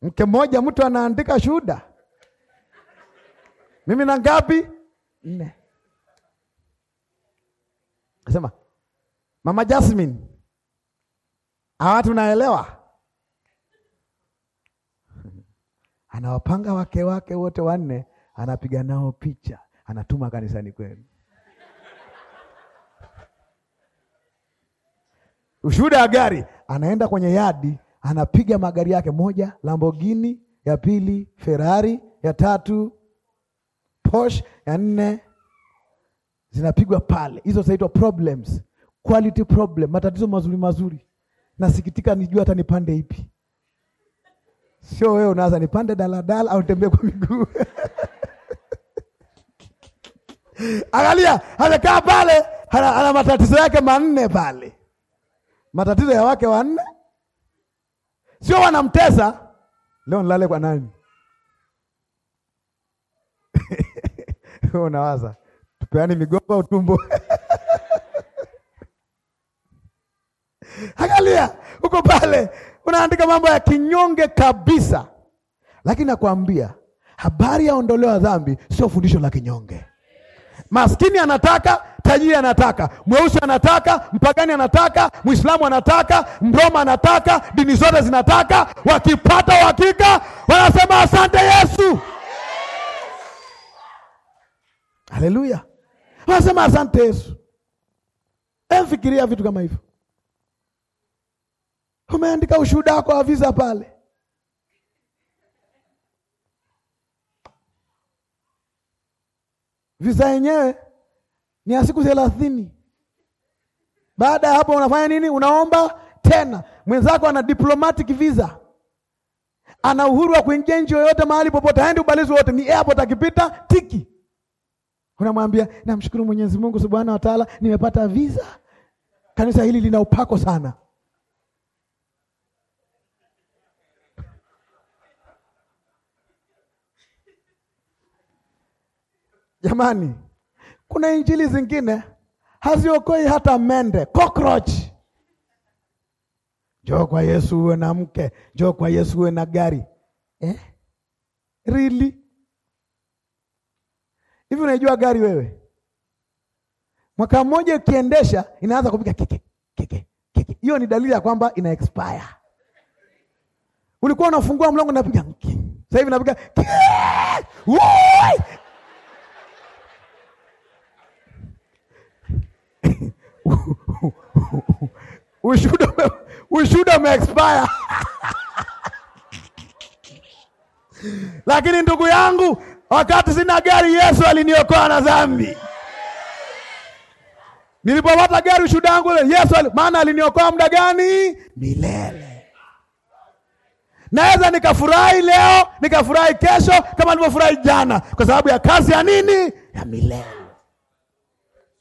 Mke mmoja mtu anaandika shuhuda, mimi na ngapi? Nne. Asema Mama Jasmine, hawa tunaelewa anawapanga wake wake wote wanne, anapiga nao picha, anatuma kanisani kwenu. Ushuhuda wa gari, anaenda kwenye yadi, anapiga magari yake, moja Lamborghini, ya pili Ferrari, ya tatu Porsche, ya nne zinapigwa pale. Hizo zinaitwa problems, quality problem, matatizo mazuri mazuri. Nasikitika nijua hata nipande ipi. Sio wewe unaanza nipande daladala au nitembee kwa miguu angalia, amekaa pale ana, matatizo yake manne pale, matatizo ya wake wanne, sio wanamtesa. Leo nilale kwa nani? Unawaza tupeani migomba utumbo angalia, uko pale unaandika mambo ya kinyonge kabisa, lakini nakwambia habari ya ondolewa dhambi sio fundisho la kinyonge. Maskini anataka, tajiri anataka, mweusi anataka, mpagani anataka, mwislamu anataka, mroma anataka, dini zote zinataka. Wakipata uhakika wanasema asante Yesu, haleluya, wanasema asante Yesu. Emfikiria vitu kama hivyo umeandika ushuhuda wako wa visa pale. Visa yenyewe ni ya siku thelathini. Baada ya hapo unafanya nini? Unaomba tena. Mwenzako ana diplomatic visa, ana uhuru wa kuingia nchi yoyote mahali popote, haendi ubalizi wote, ni airport akipita tiki. Unamwambia, namshukuru Mwenyezi Mungu subhanahu wa taala, nimepata visa. Kanisa hili lina upako sana. Jamani, kuna injili zingine haziokoi hata mende, cockroach. Njoo kwa Yesu uwe na mke, njoo kwa Yesu uwe na gari eh? Really? Hivi unaijua gari wewe? Mwaka mmoja ukiendesha inaanza kupika kike kike kike, hiyo ni dalili ya kwamba ina expire. Ulikuwa unafungua mlango napiga, sasa hivi napiga ushuda ushuda umeexpire lakini ndugu yangu, wakati sina gari, Yesu aliniokoa na dhambi. Nilipopata gari, ushuda wangu Yesu al... maana aliniokoa muda gani? Milele. Naweza nikafurahi leo, nikafurahi kesho, kama nilivyofurahi jana, kwa sababu ya kazi ya nini? Ya milele,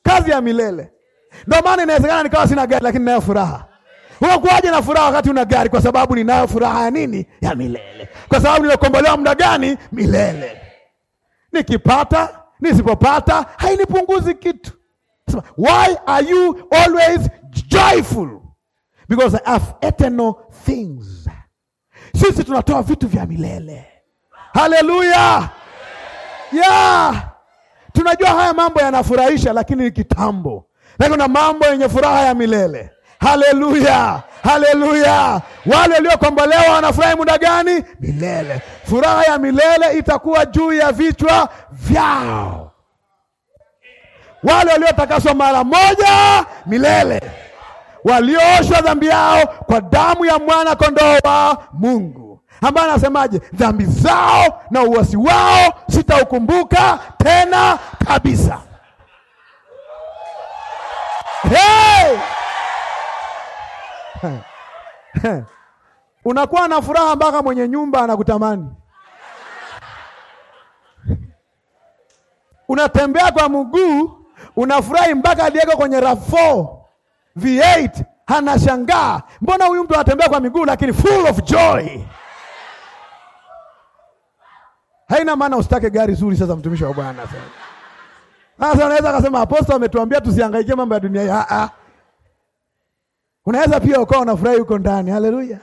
kazi ya milele. Ndio maana inawezekana nikawa sina gari, lakini nayo furaha. kuaje na furaha wakati una gari? Kwa sababu ninayo furaha ya nini? Ya milele, kwa sababu nimekombolewa. Muda gani? Milele. Nikipata nisipopata, hainipunguzi kitu. Why are you always joyful? Because I have eternal things. Sisi tunatoa vitu vya milele. Haleluya, yeah. Tunajua haya mambo yanafurahisha, lakini ni kitambo na kuna mambo yenye furaha ya milele. Haleluya, haleluya! Wale waliokombolewa wanafurahi muda gani? Milele. Furaha ya milele itakuwa juu ya vichwa vyao. Wale waliotakaswa mara moja milele, waliooshwa dhambi yao kwa damu ya mwana kondoo wa Mungu, ambaye anasemaje? Dhambi zao na uasi wao sitaukumbuka tena kabisa. Hey! unakuwa na furaha mpaka mwenye nyumba anakutamani. Unatembea kwa mguu, unafurahi mpaka aliyeko kwenye RAV4 V8 anashangaa, mbona huyu mtu anatembea kwa miguu lakini full of joy. Haina maana usitake gari zuri. Sasa mtumishi wa Bwana sasa sasa unaweza akasema apostol ametuambia tusihangaike mambo ya dunia. Ah ah. Unaweza pia ukawa unafurahi huko ndani. Haleluya.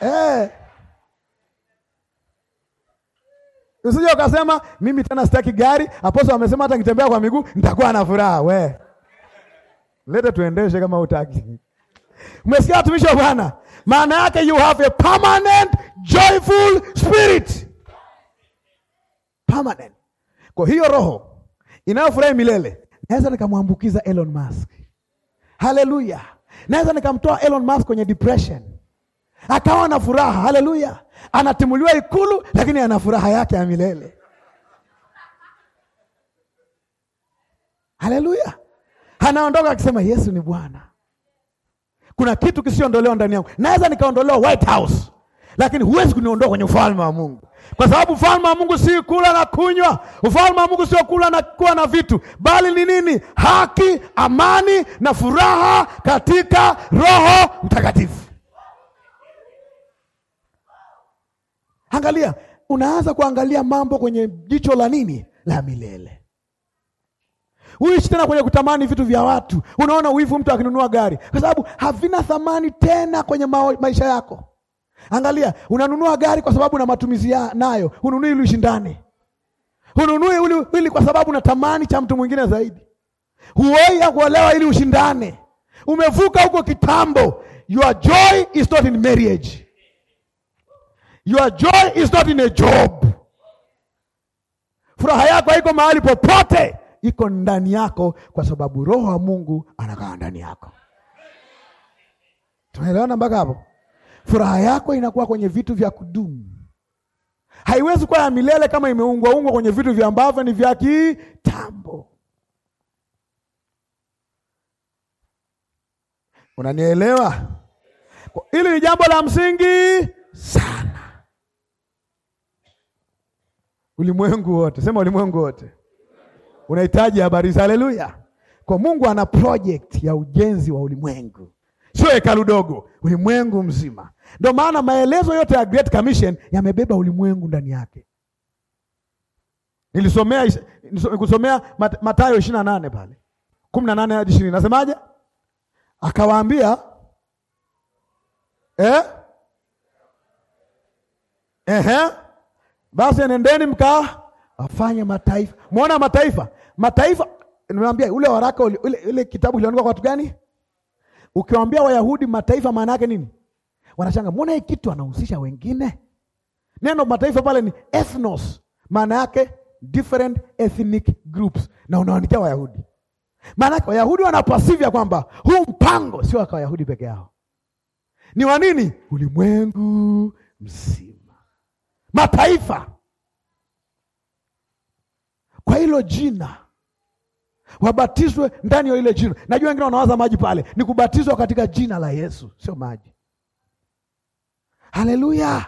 Eh. Usije ukasema mimi tena sitaki gari. Apostol amesema hata nikitembea kwa miguu nitakuwa na furaha. We. Leta tuendeshe kama utaki. Umesikia watumishi wa Bwana? Maana yake you have a permanent joyful spirit. Permanent. Kwa hiyo roho inayofurahi milele. Naweza nikamwambukiza Elon Musk. Haleluya! Naweza nikamtoa Elon Musk kwenye depression akawa na furaha. Haleluya! Anatimuliwa Ikulu, lakini ana furaha yake ya milele. Haleluya! Anaondoka akisema Yesu ni Bwana. Kuna kitu kisiondolewa ndani yangu. Naweza nikaondolewa White House lakini huwezi kuniondoa kwenye ufalme wa Mungu, kwa sababu ufalme wa Mungu si kula na kunywa. Ufalme wa Mungu sio kula na kuwa na vitu, bali ni nini? Haki, amani na furaha katika Roho Mtakatifu. Angalia, unaanza kuangalia mambo kwenye jicho la nini? La milele. Uishi tena kwenye kutamani vitu vya watu. Unaona wivu mtu akinunua gari, kwa sababu havina thamani tena kwenye maisha yako. Angalia, unanunua gari kwa sababu na matumizi nayo, hununui ili ushindane, hununui ili kwa sababu na tamani cha mtu mwingine zaidi, huoi ya kuolewa ili ushindane. Umevuka huko kitambo. Your joy is not in marriage. Your joy is not in a job. Furaha yako haiko mahali popote, iko ndani yako, kwa sababu roho wa Mungu anakaa ndani yako. Tunaelewana mpaka hapo? Furaha yako inakuwa kwenye vitu vya kudumu, haiwezi kuwa ya milele kama imeungwa ungwa kwenye vitu vya ambavyo ni vya kitambo. Unanielewa? Hili ni jambo la msingi sana. Ulimwengu wote, sema ulimwengu wote unahitaji habari za haleluya, kwa Mungu ana project ya ujenzi wa ulimwengu sio hekalu dogo, ulimwengu mzima. Ndio maana maelezo yote ya Great Commission yamebeba ulimwengu ndani yake. Nilisomea kusomea Mathayo ishirini na nane pale kumi na nane hadi ishirini nasemaje? Akawaambia eh? Ehe, basi nendeni mkaa afanye mataifa. Muona mataifa, mataifa, nimewambia ule waraka ule, ule kitabu kiliandikwa kwa watu gani? Ukiwaambia Wayahudi mataifa, maana yake nini? Wanashanga, mbona hii kitu anahusisha wengine? Neno mataifa pale ni ethnos, maana yake different ethnic groups, na unawaandikia Wayahudi. Maana yake Wayahudi wanapasivya kwamba huu mpango sio wa Wayahudi peke yao, ni wa nini? Ulimwengu mzima, mataifa, kwa hilo jina wabatizwe ndani ya ile jina. Najua wengine wanawaza maji pale ni kubatizwa katika jina la Yesu, sio maji. Haleluya!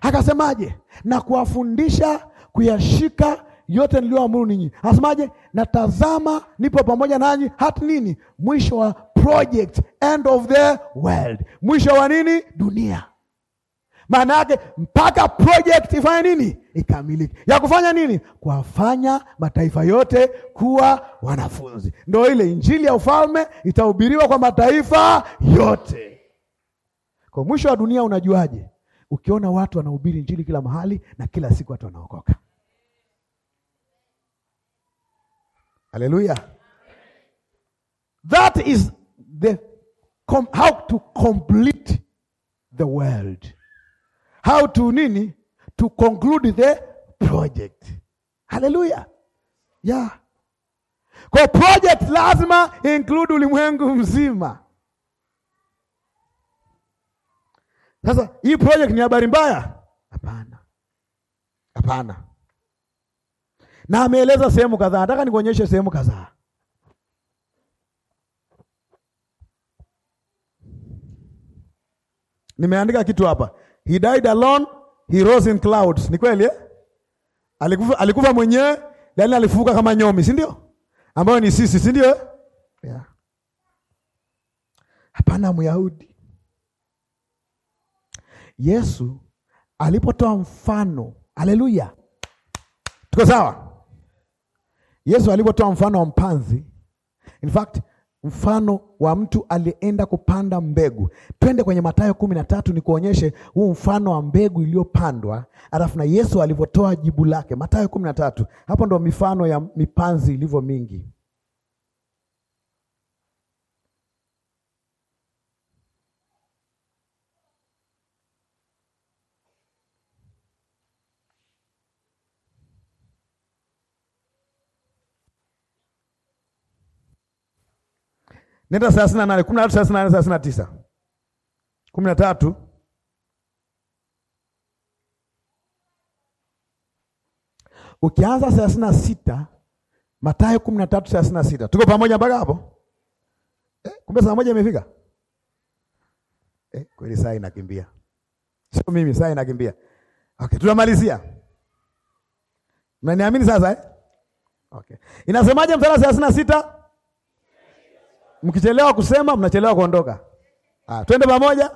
Akasemaje? na kuwafundisha kuyashika yote niliyoamuru ninyi. anasemaje natazama nipo pamoja nanyi hata nini, mwisho wa project, end of the world, mwisho wa nini, dunia. Maana yake mpaka project ifanye nini? Ikamilike. Ya kufanya nini? Kuwafanya mataifa yote kuwa wanafunzi. Ndio ile injili ya ufalme itahubiriwa kwa mataifa yote. Kwa mwisho wa dunia unajuaje? Ukiona watu wanahubiri injili kila mahali na kila siku watu wanaokoka. Haleluya. That is the com how to complete the world how to nini to conclude the project. Haleluya, yeah. Kwa project lazima include ulimwengu mzima. Sasa hii project ni habari mbaya? Hapana, hapana. Na ameeleza sehemu kadhaa, nataka nikuonyeshe sehemu kadhaa. Nimeandika kitu hapa. He died alone, he rose in clouds. Ni kweli eh? Alikufa, alikufa mwenyewe lakini alifuka kama nyomi, si ndio? Ambayo ni sisi, si ndio eh? Yeah. Hapana Myahudi. Yesu alipotoa mfano, haleluya. Tuko sawa? Yesu alipotoa mfano wa mpanzi. In fact, mfano wa mtu aliyeenda kupanda mbegu. Twende kwenye Mathayo kumi na tatu nikuonyeshe huu mfano wa mbegu iliyopandwa, alafu na Yesu alivyotoa jibu lake. Mathayo kumi na tatu. Hapo ndo mifano ya mipanzi ilivyo mingi. Nenda thelathini na nane kumi na tatu thelathini na nane thelathini na tisa kumi na tatu ukianza thelathini na sita Mathayo kumi na tatu thelathini na sita tuko pamoja mpaka hapo eh? Kumbe saa moja imefika eh? Kweli saa inakimbia, sio mimi, saa inakimbia. Okay, tunamalizia, mnaniamini sasa eh? Okay, inasemaje mstari wa thelathini na sita? Mkichelewa kusema mnachelewa kuondoka. Ah, twende pamoja.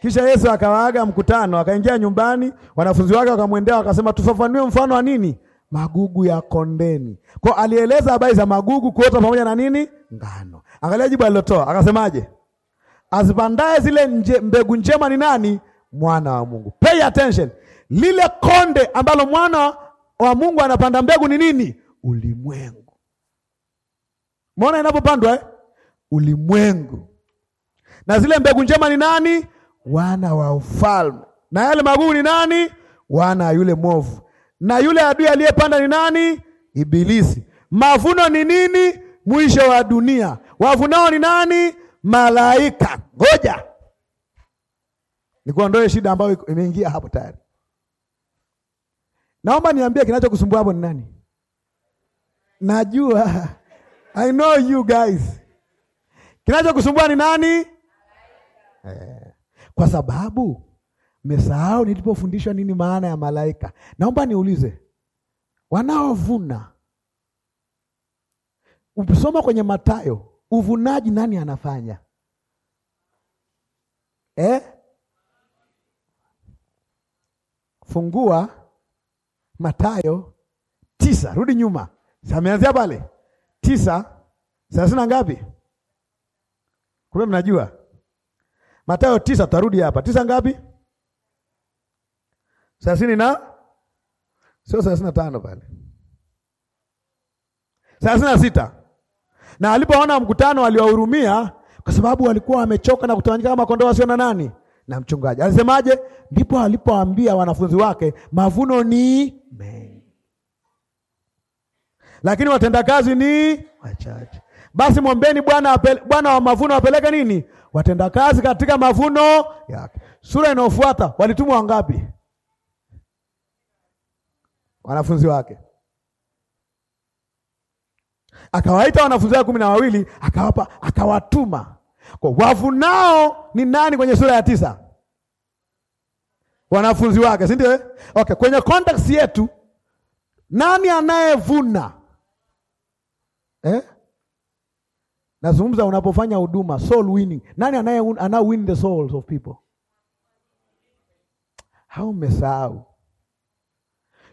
Kisha Yesu akawaaga mkutano, akaingia nyumbani, wanafunzi wake wakamwendea wakasema, tufafanue mfano wa nini? Magugu ya kondeni. Kwa alieleza habari za magugu kuota pamoja na nini? Ngano. Angalia jibu alilotoa, akasemaje? Azipandaye zile nje, mbegu njema ni nani? Mwana wa Mungu. Pay attention. Lile konde ambalo mwana wa Mungu anapanda mbegu ni nini? Ulimwengu. Mbona inapopandwa eh? ulimwengu. Na zile mbegu njema ni nani? Wana wa ufalme. Na yale magugu ni nani? Wana yule mwovu. Na yule adui aliyepanda ni nani? Ibilisi. Mavuno ni nini? Mwisho wa dunia. Wavunao ni nani? Malaika. Ngoja nikuondoe shida ambayo imeingia hapo tayari. Naomba niambie kinachokusumbua hapo ni nani? Najua, I know you guys. Kinachokusumbua ni nani? Eh, kwa sababu mesahau nilipofundishwa nini maana ya malaika. Naomba niulize, wanaovuna usoma kwenye Mathayo, uvunaji nani anafanya eh? Fungua Mathayo tisa, rudi nyuma, sameanzia pale tisa thelathini na ngapi? Kumbe mnajua Mathayo tisa, tutarudi hapa. Tisa ngapi? thelathini na sio thelathini na tano pale, thelathini na sita. Na alipoona mkutano aliwahurumia, kwa sababu walikuwa wamechoka na kutawanyika kama kondoo wasio na nani na mchungaji. Alisemaje? Ndipo alipoambia wanafunzi wake, mavuno ni mengi, lakini watendakazi ni wachache. Basi mwombeni Bwana, Bwana wa mavuno wapeleke nini watenda kazi katika mavuno yake. Sura inayofuata walitumwa wangapi? Wanafunzi wake akawaita wanafunzi wake kumi na wawili akawapa akawatuma. Kwa wavunao ni nani kwenye sura ya tisa? Wanafunzi wake, si ndio? Eh? Okay, kwenye context yetu nani anayevuna eh? Nazungumza unapofanya huduma soul winning. Nani anaye ana win the souls of people? Hao mmesahau.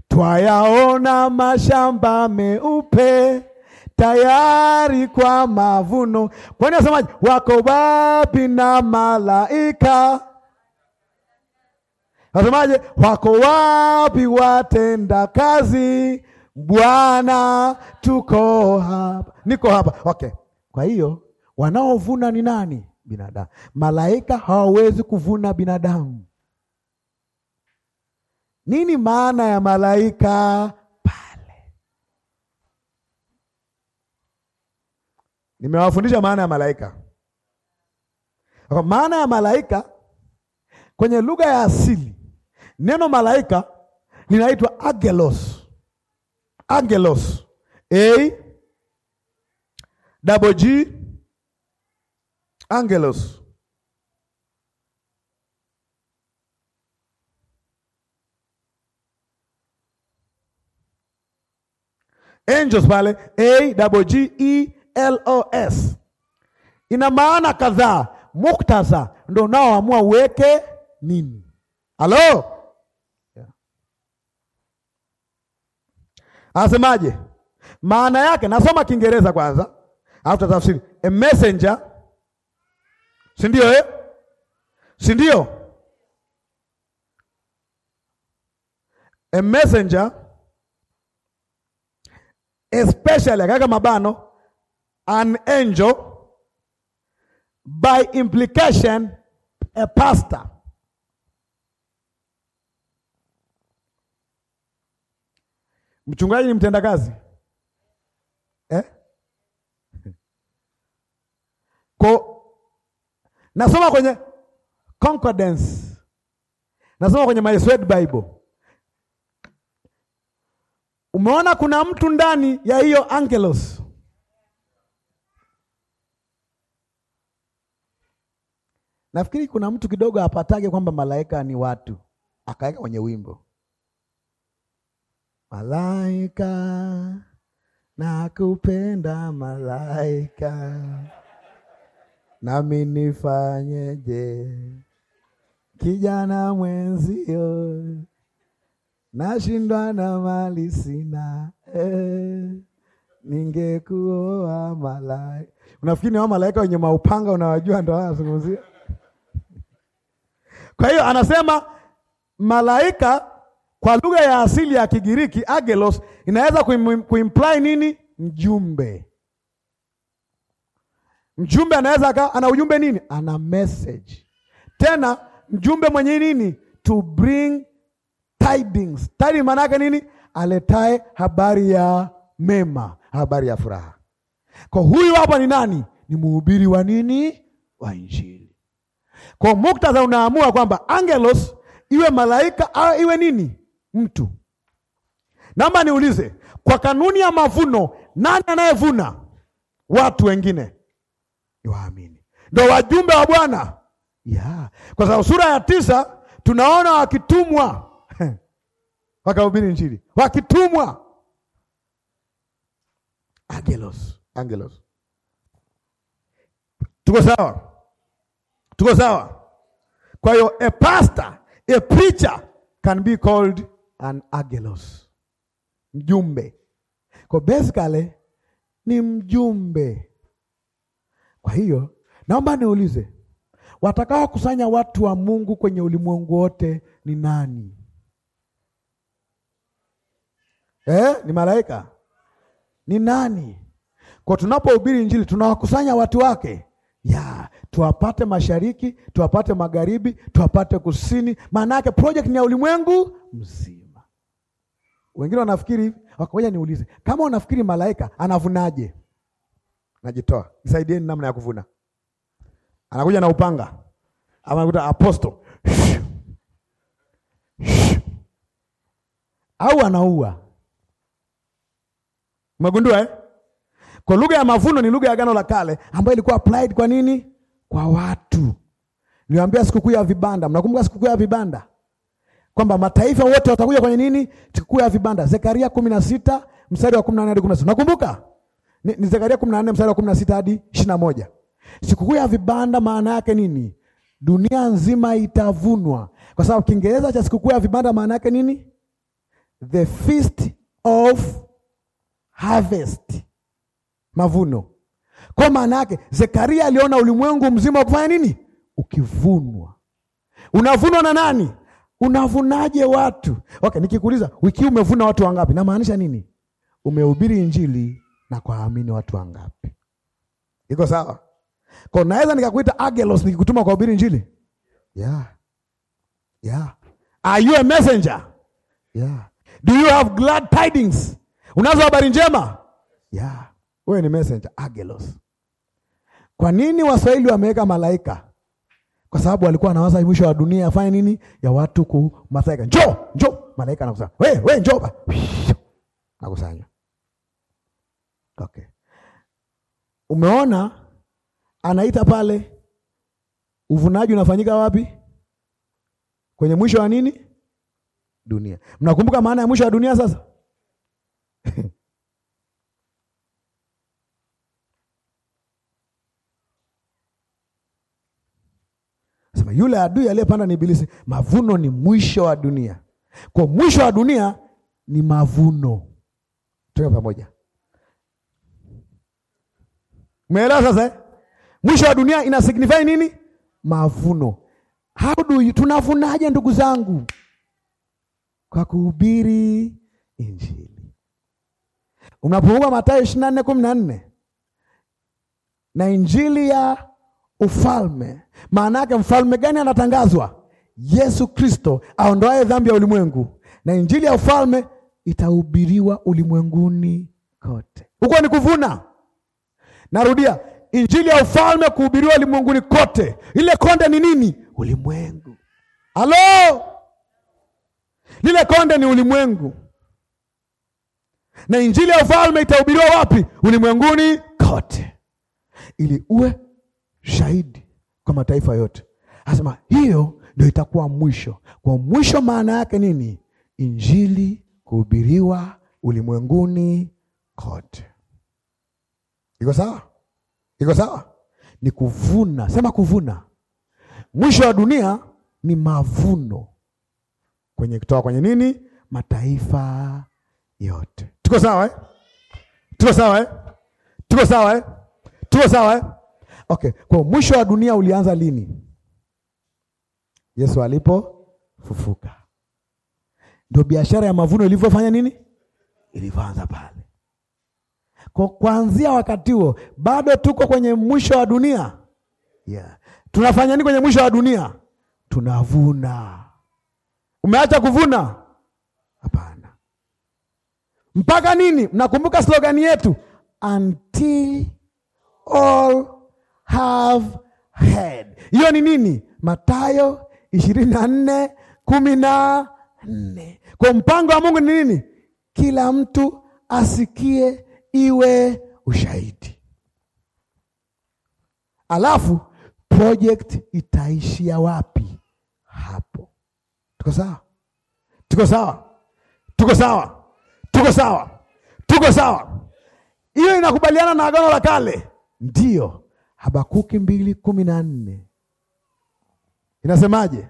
Twayaona mashamba meupe tayari kwa mavuno. Kwani wasemaje? Wako wapi na malaika? Wasemaje? Wako wapi watenda kazi? Bwana, tuko hapa, niko hapa. Okay. Kwa hiyo wanaovuna ni nani? Binadamu. Malaika hawawezi kuvuna binadamu. Nini maana ya malaika pale? Nimewafundisha maana ya malaika. Kwa maana ya malaika kwenye lugha ya asili, neno malaika linaitwa angelos. Angelos. A double G angelos angels pale a double G E L O S ina maana kadhaa. Muktadha ndio unaoamua uweke nini. Halo, Asemaje? Maana yake nasoma Kiingereza kwanza. Alafu tafsiri a messenger, si ndio eh? si ndio? a messenger especially, akaweka mabano an angel, by implication a pastor Mchungaji ni mtendakazi Ko, nasoma kwenye concordance, nasoma kwenye My sweet Bible. Umeona kuna mtu ndani ya hiyo angelos Nafikiri kuna mtu kidogo apatage kwamba malaika ni watu, akaweka kwenye wimbo malaika, nakupenda malaika nami nifanyeje? Kijana mwenzio, nashindwa na mali sina, eh, ningekuoa malaika. Unafikiri ni wa malaika wenye maupanga unawajua, ndo anazungumzia? Kwa hiyo anasema malaika kwa lugha ya asili ya Kigiriki agelos inaweza kuimply nini? Mjumbe. Mjumbe anaweza akawa ana ujumbe nini, ana message tena. Mjumbe mwenye nini, to bring tidings. Tidings maana yake nini? Aletae habari ya mema, habari ya furaha. Kwa huyu hapa ni nani? Ni mhubiri wa nini, wa Injili. Kwa muktadha unaamua kwamba angelos iwe malaika au iwe nini, mtu. Naomba niulize, kwa kanuni ya mavuno, nani anayevuna? Watu wengine waamini, ndio wajumbe wa Bwana yeah. Kwa sababu sura ya tisa tunaona wakitumwa wakahubiri Injili, wakitumwa angelos, angelos. Tuko sawa, tuko sawa. Kwa hiyo a pastor, a preacher can be called an angelos, mjumbe. Kwa basically ni mjumbe kwa hiyo naomba niulize, watakaokusanya watu wa Mungu kwenye ulimwengu wote ni nani? Eh, ni malaika? Ni nani? Kwa tunapohubiri Injili tunawakusanya watu wake ya tuwapate mashariki, tuwapate magharibi, tuwapate kusini. Maana yake project ni ya ulimwengu mzima. Wengine wanafikiri, wakoja niulize, kama unafikiri malaika anavunaje? najitoa, nisaidieni namna ya kuvuna. Anakuja na upanga ama anakuta aposto au anaua. Umegundua eh? Kwa lugha ya mavuno ni lugha ya Agano la Kale ambayo ilikuwa applied kwa nini? Kwa watu. Niwaambia sikukuu ya vibanda, mnakumbuka sikukuu ya vibanda kwamba mataifa wote watakuja kwenye nini? Sikukuu ya vibanda, Zekaria kumi na sita mstari wa kumi na nane hadi kumi na sita. Nakumbuka ni, ni Zekaria 14 mstari wa 16 hadi 21. Sikukuu ya vibanda maana yake nini? Dunia nzima itavunwa, kwa sababu Kiingereza cha sikukuu ya vibanda maana yake nini? The feast of harvest, mavuno. Kwa maana yake Zekaria aliona ulimwengu mzima ukifanya nini? Ukivunwa. Unavunwa na nani? Unavunaje watu? Okay, nikikuuliza wiki umevuna watu wangapi? Namaanisha nini? Umehubiri Injili na kuwaamini watu wangapi? Iko sawa? Kwa naweza nikakuita Agelos nikikutuma kwa ubiri njili. Yeah. Yeah. Are you a messenger? Yeah. Do you have glad tidings? Unazo habari njema? Yeah. Wewe ni messenger Agelos. Kwa nini Waswahili wameweka malaika? Kwa sababu walikuwa wanawaza mwisho wa dunia afanye nini? Ya watu kumathaika. Njoo, njoo, malaika anakusanya. Wewe, wewe njoo ba. Nakusanya. Okay. Umeona anaita pale uvunaji unafanyika wapi? Kwenye mwisho wa nini? Dunia. Mnakumbuka maana ya mwisho wa dunia sasa? Sema yule adui aliyepanda ni Ibilisi, mavuno ni mwisho wa dunia. Kwa mwisho wa dunia ni mavuno. Tuko pamoja. Umeelewa sasa eh? Mwisho wa dunia ina signify nini? Mavuno. How do you, tunavunaje ndugu zangu? Kwa kuhubiri Injili. Unapofunga Mathayo 24:14 na injili ya ufalme, maana yake mfalme gani anatangazwa? Yesu Kristo aondoaye dhambi ya ulimwengu, na injili ya ufalme itahubiriwa ulimwenguni kote. Huko ni kuvuna. Narudia, injili ya ufalme kuhubiriwa ulimwenguni kote. Ile konde ni nini? Ulimwengu. Halo, lile konde ni ulimwengu, na injili ya ufalme itahubiriwa wapi? Ulimwenguni kote, ili uwe shahidi kwa mataifa yote. Anasema hiyo ndio itakuwa mwisho. Kwa mwisho maana yake nini? Injili kuhubiriwa ulimwenguni kote. Iko sawa? Iko sawa? Ni kuvuna, sema kuvuna. Mwisho wa dunia ni mavuno kwenye kutoka kwenye nini? Mataifa yote. Tuko sawa eh? Tuko sawa eh? Tuko sawa eh? Tuko sawa eh? Okay, kwa mwisho wa dunia ulianza lini? Yesu alipo fufuka ndio biashara ya mavuno ilivyofanya nini? Ilivyoanza pale. Kwa kuanzia wakati huo bado tuko kwenye mwisho wa dunia yeah. Tunafanya nini kwenye mwisho wa dunia? Tunavuna. Umeacha kuvuna? Hapana. Mpaka nini? Mnakumbuka slogani yetu, until all have heard. Hiyo ni nini? Mathayo ishirini na nne kumi na nne. Kwa mpango wa Mungu ni nini? Kila mtu asikie iwe ushahidi. Alafu project itaishia wapi? Hapo tuko sawa, tuko sawa, tuko sawa, tuko sawa, tuko sawa. Hiyo inakubaliana na Agano la Kale, ndio Habakuki mbili kumi na nne inasemaje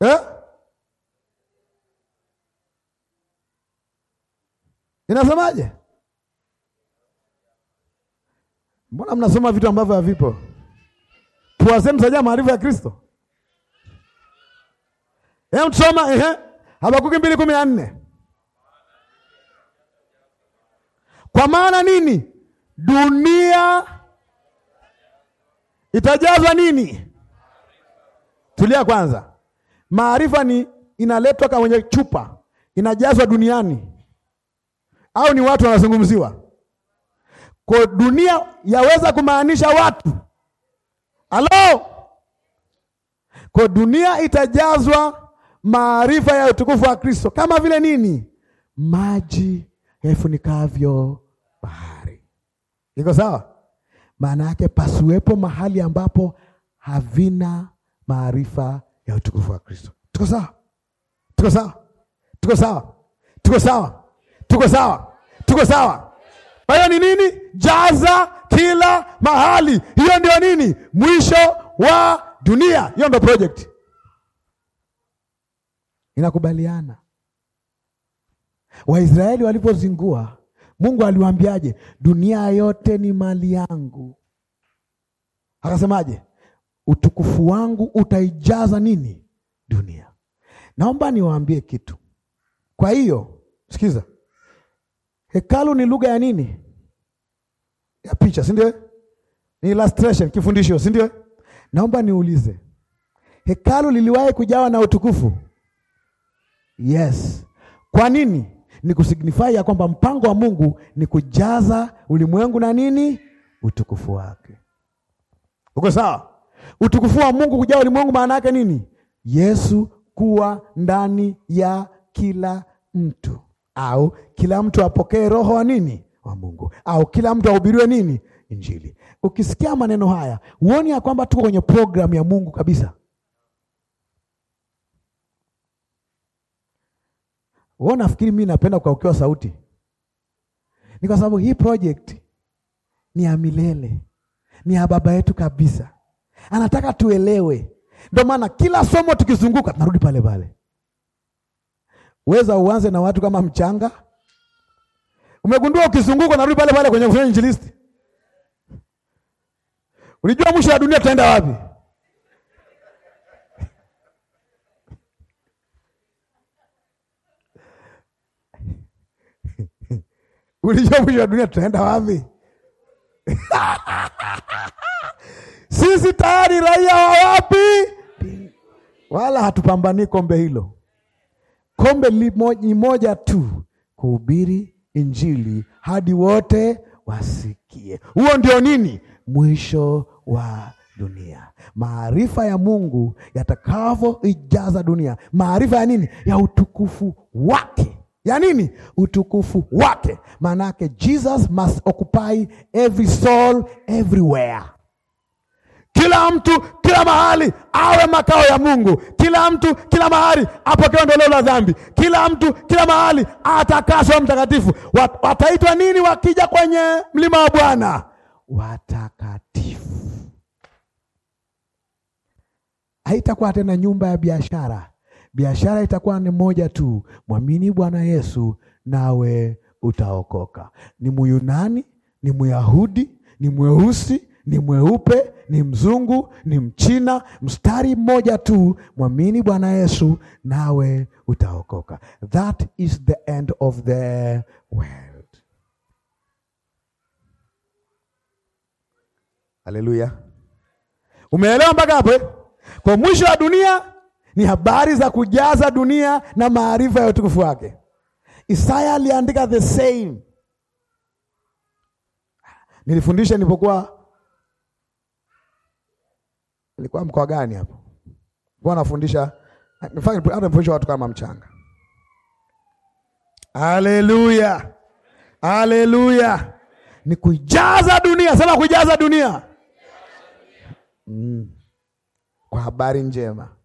eh? Inasemaje? Mbona mnasoma vitu ambavyo havipo? Pua zenu zajaa maarifa ya Kristo. Hebu tusoma ehe, Habakuki mbili kumi na nne. Kwa maana nini? Dunia itajazwa nini? Tulia kwanza. Maarifa ni inaletwa kama kwenye chupa, inajazwa duniani au ni watu wanazungumziwa? Kwa dunia yaweza kumaanisha watu. Halo? Kwa dunia itajazwa maarifa ya utukufu wa Kristo kama vile nini? Maji yaifunikavyo bahari. Iko sawa? Maana yake pasiwepo mahali ambapo havina maarifa ya utukufu wa Kristo. Tuko sawa? Tuko sawa? Tuko sawa? Tuko sawa? Tuko sawa? Tuko sawa? Kwa hiyo ni nini? Jaza kila mahali. Hiyo ndio nini? Mwisho wa dunia. Hiyo ndio project inakubaliana. Waisraeli walipozingua, Mungu aliwaambiaje? Dunia yote ni mali yangu. Akasemaje? utukufu wangu utaijaza nini dunia. Naomba niwaambie kitu. Kwa hiyo sikiza Hekalu ni lugha ya nini? Ya picha, si ndio? Ni illustration, kifundisho, si ndio? Naomba niulize, hekalu liliwahi kujawa na utukufu? Yes. Kwa nini? Ni kusignify ya kwamba mpango wa Mungu ni kujaza ulimwengu na nini? Utukufu wake. Uko sawa? Utukufu wa Mungu kujaa ulimwengu, maana yake nini? Yesu kuwa ndani ya kila mtu au kila mtu apokee roho wa nini wa Mungu, au kila mtu ahubiriwe nini Injili. Ukisikia maneno haya, huoni ya kwamba tuko kwenye programu ya Mungu kabisa? Wewe nafikiri mimi napenda kuaukiwa sauti? Ni kwa sababu hii project ni ya milele, ni ya baba yetu kabisa, anataka tuelewe. Ndio maana kila somo tukizunguka tunarudi pale pale. Weza uanze na watu kama mchanga. Umegundua ukizunguka rudi pale pale kwenye kufanya injilisti. Ulijua mwisho wa dunia tutaenda wapi? Ulijua mwisho wa dunia tutaenda wapi? Sisi tayari raia wa wapi? Wala hatupambani kombe hilo kombe ni moja tu, kuhubiri Injili hadi wote wasikie. Huo ndio nini? Mwisho wa dunia. Maarifa ya Mungu yatakavyoijaza dunia, maarifa ya nini? Ya utukufu wake. Ya nini? Utukufu wake. Maana yake Jesus must occupy every soul everywhere. Kila mtu kila mahali awe makao ya Mungu. Kila mtu kila mahali apokee ondoleo la dhambi. Kila mtu kila mahali atakaswa mtakatifu. Wat, wataitwa nini wakija kwenye mlima wa Bwana? Watakatifu. Haitakuwa tena nyumba ya biashara. Biashara itakuwa ni moja tu, mwamini Bwana Yesu nawe utaokoka. Ni Muyunani, ni Myahudi, ni mweusi ni mweupe, ni mzungu, ni mchina, mstari mmoja tu, mwamini Bwana Yesu nawe utaokoka. That is the end of the world. Haleluya, umeelewa mpaka hapo? Eh? Kwa mwisho wa dunia ni habari za kujaza dunia na maarifa ya utukufu wake. Isaya aliandika the same, nilifundisha nilipokuwa Ilikuwa mkoa gani hapo? nafundisha nifanye hata mfundisho watu kama mchanga. Haleluya, haleluya! Ni kujaza dunia, sema kujaza dunia mm. Kwa habari njema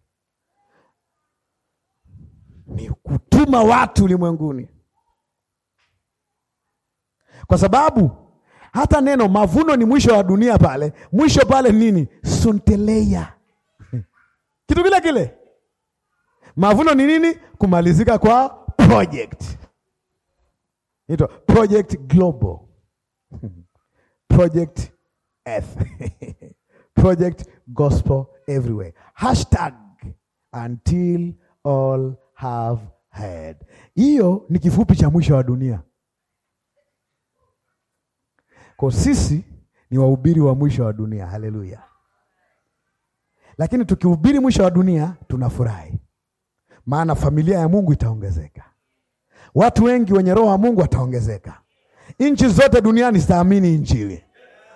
ni kutuma watu ulimwenguni, kwa sababu hata neno mavuno ni mwisho wa dunia pale, mwisho pale nini? Sunteleia, kitu kile kile. Mavuno ni nini? Kumalizika kwa project, ito project global, project earth project gospel everywhere hashtag until all have heard. Hiyo ni kifupi cha mwisho wa dunia. Kwa sisi ni wahubiri wa mwisho wa dunia. Haleluya! Lakini tukihubiri mwisho wa dunia tunafurahi, maana familia ya Mungu itaongezeka, watu wengi wenye roho wa Mungu wataongezeka, nchi zote duniani zitaamini Injili.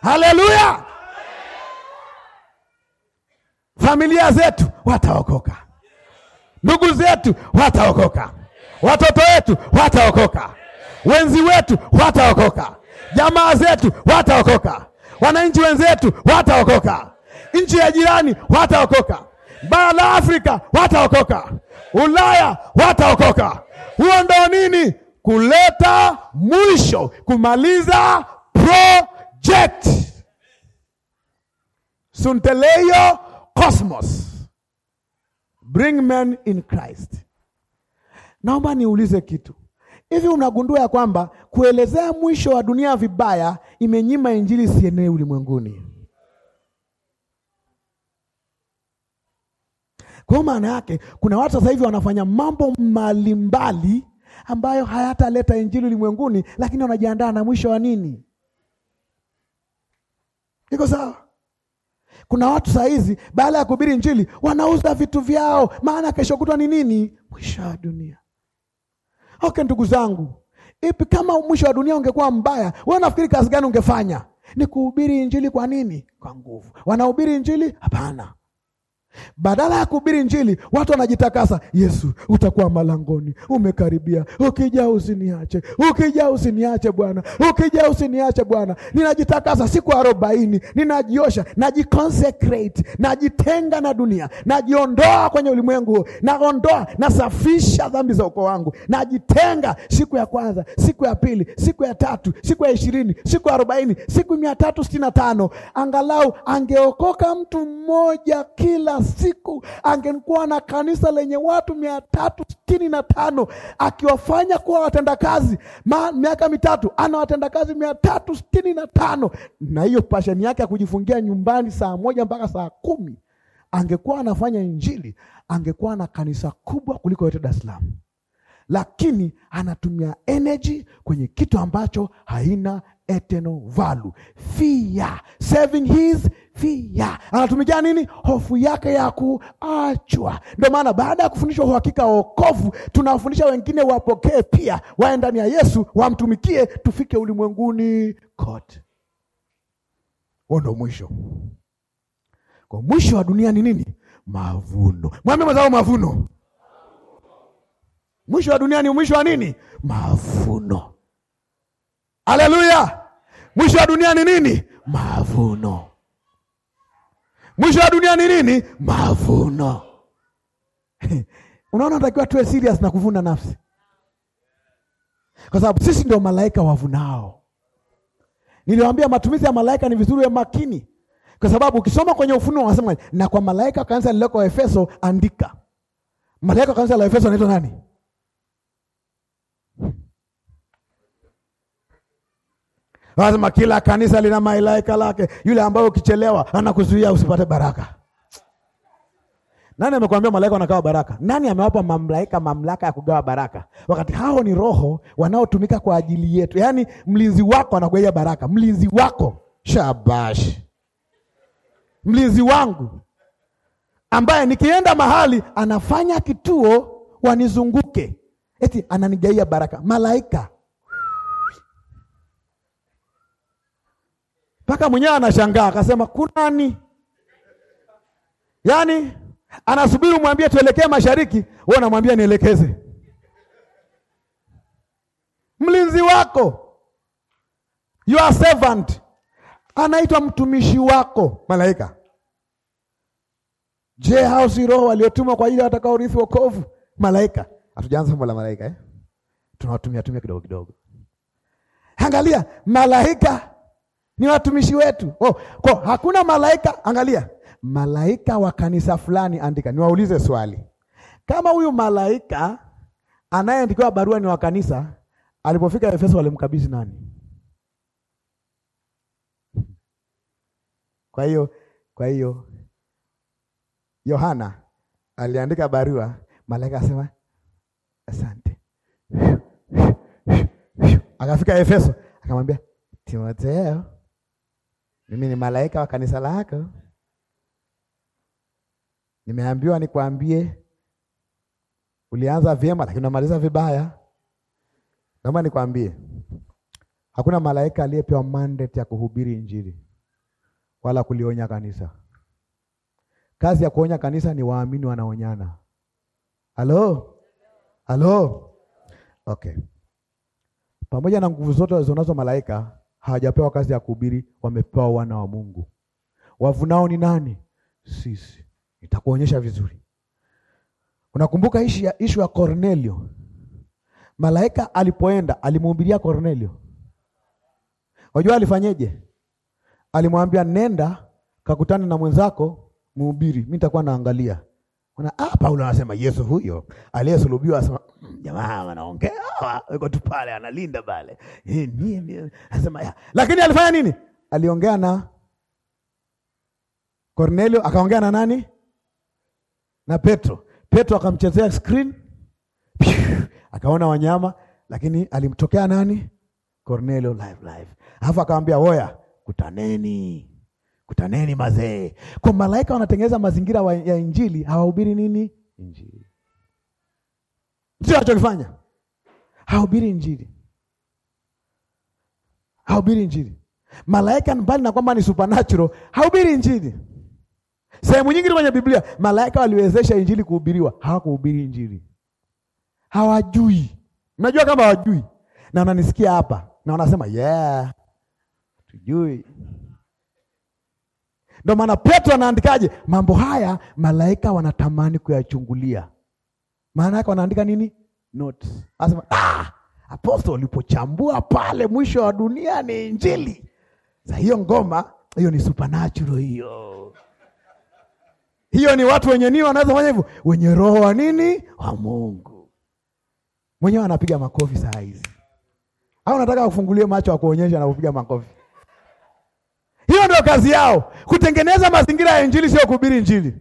Haleluya! familia zetu wataokoka, ndugu zetu wataokoka, watoto wetu wataokoka, wenzi wetu wataokoka Jamaa zetu wataokoka, wananchi wenzetu wataokoka, nchi ya jirani wataokoka, bara la Afrika wataokoka, Ulaya wataokoka. Huo ndo nini? Kuleta mwisho, kumaliza project sunteleyo cosmos bring men in Christ. Naomba niulize kitu Hivi unagundua ya kwamba kuelezea mwisho wa dunia vibaya imenyima injili sienee ulimwenguni. Kwa maana yake kuna watu sasa hivi wanafanya mambo mbalimbali ambayo hayataleta injili ulimwenguni, lakini wanajiandaa na mwisho wa nini? Iko sawa? Kuna watu saa hizi baada ya kuhubiri injili wanauza vitu vyao, maana kesho kutwa ni nini? Mwisho wa dunia. Okay, ndugu zangu, ipi kama mwisho wa dunia ungekuwa mbaya, wewe unafikiri kazi gani ungefanya? Ni kuhubiri injili. Kwa nini? Kwa nguvu. Wanahubiri injili? Hapana. Badala ya kuhubiri Njili, watu wanajitakasa. Yesu, utakuwa malangoni, umekaribia. Ukija usiniache, ukija usiniache Bwana, ukija usiniache Bwana. Ninajitakasa siku arobaini, ninajiosha, najiconsecrate, najitenga na dunia, najiondoa kwenye ulimwengu huo, naondoa, nasafisha dhambi za ukoo wangu, najitenga. Siku ya kwanza, siku ya pili, siku ya tatu, siku ya ishirini, siku ya arobaini, siku mia tatu sitini na tano. Angalau angeokoka mtu mmoja kila siku angekuwa na kanisa lenye watu mia tatu sitini na tano akiwafanya kuwa watendakazi miaka mitatu, ana watendakazi mia tatu sitini na tano na hiyo pasheni yake ya kujifungia nyumbani saa moja mpaka saa kumi angekuwa anafanya Injili, angekuwa na kanisa kubwa kuliko yote Dar es Salaam lakini anatumia energy kwenye kitu ambacho haina eternal value. Fear, saving his fear. Anatumikia nini? Hofu yake ya kuachwa. Ndio maana baada ya kufundishwa uhakika wa wokovu, tunawafundisha wengine wapokee pia, wae ndani ya Yesu, wamtumikie, tufike ulimwenguni kote. Huo ndo mwisho. Kwa mwisho wa dunia ni nini? Mavuno. Mwambie mwenzao mavuno Mwisho wa dunia ni mwisho wa nini? Mavuno. Haleluya! Mwisho wa dunia ni nini? Mavuno. Mwisho wa dunia ni nini? Mavuno. Unaona, natakiwa tuwe serious na kuvuna nafsi, kwa sababu sisi ndio malaika wavunao. Niliwaambia matumizi ya malaika ni vizuri ya makini, kwa sababu ukisoma kwenye Ufunuo wanasema na kwa malaika kanisa lililoko Efeso andika. Malaika kanisa la Efeso anaitwa nani? Lazima kila kanisa lina malaika lake, yule ambaye ukichelewa anakuzuia usipate baraka. Nani amekwambia malaika wanagawa baraka? Nani amewapa mamlaika mamlaka ya kugawa baraka, wakati hao ni roho wanaotumika kwa ajili yetu? Yaani mlinzi wako anagawia baraka, mlinzi wako. Shabash, mlinzi wangu ambaye nikienda mahali anafanya kituo wanizunguke, eti ananigaia baraka. Malaika mpaka mwenyewe anashangaa akasema, kunani? Yaani anasubiri umwambie tuelekee mashariki, wewe unamwambia nielekeze. Mlinzi wako, your servant, anaitwa mtumishi wako malaika. Je, hao si roho waliotumwa kwa ajili ya watakaorithi wokovu? Malaika. Hatujaanza somo la malaika eh? Tunawatumia tumia kidogo kidogo. Angalia malaika ni watumishi wetu. Oh, kwa hakuna malaika. Angalia, malaika wa kanisa fulani, andika. Niwaulize swali, kama huyu malaika anayeandikiwa barua ni wa kanisa, alipofika Efeso walimkabidhi nani? Kwa hiyo kwa hiyo Yohana aliandika barua, malaika asema asante, akafika Efeso akamwambia Timotheo mimi ni malaika wa kanisa lako, nimeambiwa nikwambie, ulianza vyema lakini unamaliza vibaya. Naomba nikwambie, hakuna malaika aliyepewa mandate ya kuhubiri Injili wala kulionya kanisa. Kazi ya kuonya kanisa ni waamini wanaonyana. Halo, halo, okay. Pamoja na nguvu zote walizonazo malaika hawajapewa kazi ya kuhubiri, wamepewa wana wa Mungu. Wavunao ni nani? Sisi. Nitakuonyesha vizuri. Unakumbuka ishu ya, ishu ya Kornelio? Malaika alipoenda alimhubiria Kornelio, wajua alifanyeje? Alimwambia nenda kakutane na mwenzako mhubiri, mimi nitakuwa naangalia. Una ah, Paulo anasema Yesu huyo aliyesulubiwa, asema mm, jamaa anaongea hawa, yuko tu pale analinda pale. Anasema lakini alifanya nini? Aliongea na Cornelio, akaongea na nani? Na Petro. Petro akamchezea screen, akaona wanyama, lakini alimtokea nani? Cornelio live live. Alafu akamwambia, woya, kutaneni kutaneni mazee. Kwa malaika wanatengeneza mazingira wa ya Injili, hawahubiri nini? Injili ndio wanachokifanya, hawahubiri Injili, hawahubiri Injili. Malaika mbali na kwamba ni supernatural, hahubiri Injili. Sehemu nyingi kwenye Biblia malaika waliwezesha Injili kuhubiriwa, hawakuhubiri Injili, hawajui. Mnajua kama hawajui, na unanisikia hapa na wanasema yeah, tujui ndio maana Petro anaandikaje? Mambo haya malaika wanatamani kuyachungulia. Maana yake wanaandika nini? Notes. Anasema ah, apostol ulipochambua pale mwisho wa dunia ni injili. Sasa hiyo ngoma hiyo ni supernatural hiyo. Hiyo ni watu wenye nini wanaweza kufanya hivyo? Wenye roho wa nini? Wa Mungu. Mwenyewe anapiga makofi saa hizi. Au nataka kufungulie macho akuonyesha anapopiga makofi hiyo ndio kazi yao, kutengeneza mazingira ya injili, sio kuhubiri injili.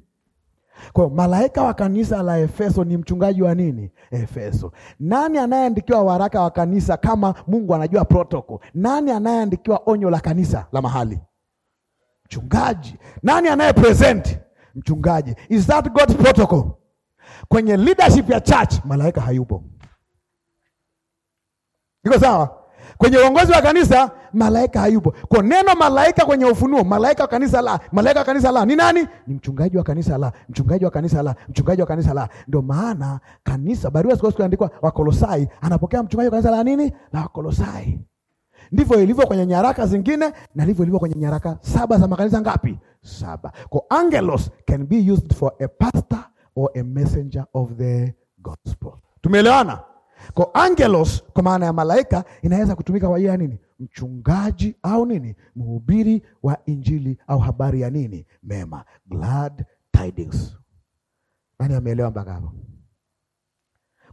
Kwa malaika wa kanisa la Efeso ni mchungaji wa nini? Efeso. Nani anayeandikiwa waraka wa kanisa kama Mungu anajua protoko? Nani anayeandikiwa onyo la kanisa la mahali? Mchungaji. Nani anayepresent? Mchungaji. Is that God's protocol? Kwenye leadership ya church malaika hayupo. Iko sawa? Kwenye uongozi wa kanisa malaika hayupo. Kwa neno malaika kwenye Ufunuo, malaika wa kanisa la, malaika wa kanisa la ni nani? Ni mchungaji wa kanisa la, mchungaji wa kanisa la, mchungaji wa kanisa la. Ndio maana kanisa, barua siku iliandikwa Wakolosai, anapokea mchungaji wa kanisa la nini? La Wakolosai. Ndivyo ilivyo kwenye nyaraka zingine na ndivyo ilivyo kwenye nyaraka saba za makanisa ngapi? Saba. Kwa angelos can be used for a pastor or a messenger of the gospel. Tumeelewana? Kwa angelos kwa maana ya malaika inaweza kutumika kwa ajili ya nini? Mchungaji au nini, mhubiri wa injili au habari ya nini mema, glad tidings. Nani ameelewa mpaka hapo?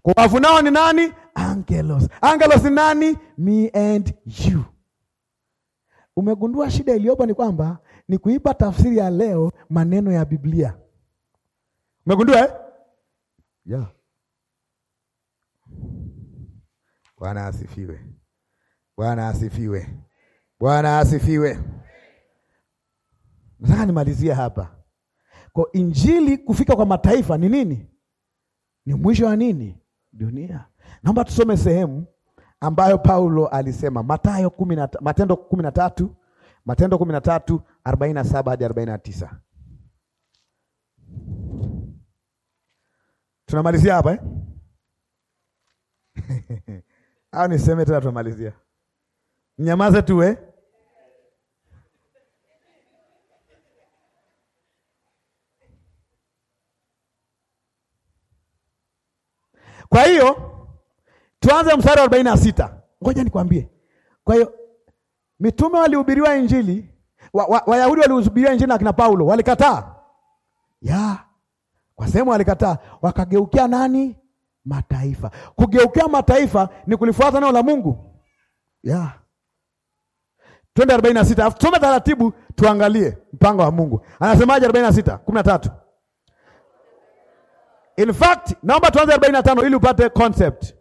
Kwa nao ni nani? Angelos. Angelos ni nani? Me and you. Umegundua shida iliyopo ni kwamba ni kuipa tafsiri ya leo maneno ya Biblia. Umegundua eh? yeah Bwana asifiwe. Bwana asifiwe. Bwana asifiwe. Nataka nimalizie hapa. Kwa injili kufika kwa mataifa ni nini? Ni mwisho wa nini? Dunia. Naomba tusome sehemu ambayo Paulo alisema Mathayo kumi na, Matendo kumi na tatu Matendo kumi na tatu arobaini na saba hadi arobaini na tisa tunamalizia hapa eh? au niseme tena tumalizia? Mnyamaze tu eh? Kwa hiyo tuanze mstari wa arobaini na sita. Ngoja nikwambie. Kwa hiyo mitume walihubiriwa Injili, Wayahudi wa, wa walihubiriwa Injili na akina Paulo walikataa ya kwa sehemu walikataa, wakageukia nani? mataifa. Kugeukea mataifa ni kulifuata neno la Mungu yeah. Twende arobaini na sita tusome taratibu, tuangalie mpango wa Mungu anasemaje. arobaini na sita kumi na tatu In fact, naomba tuanze arobaini na tano ili upate concept.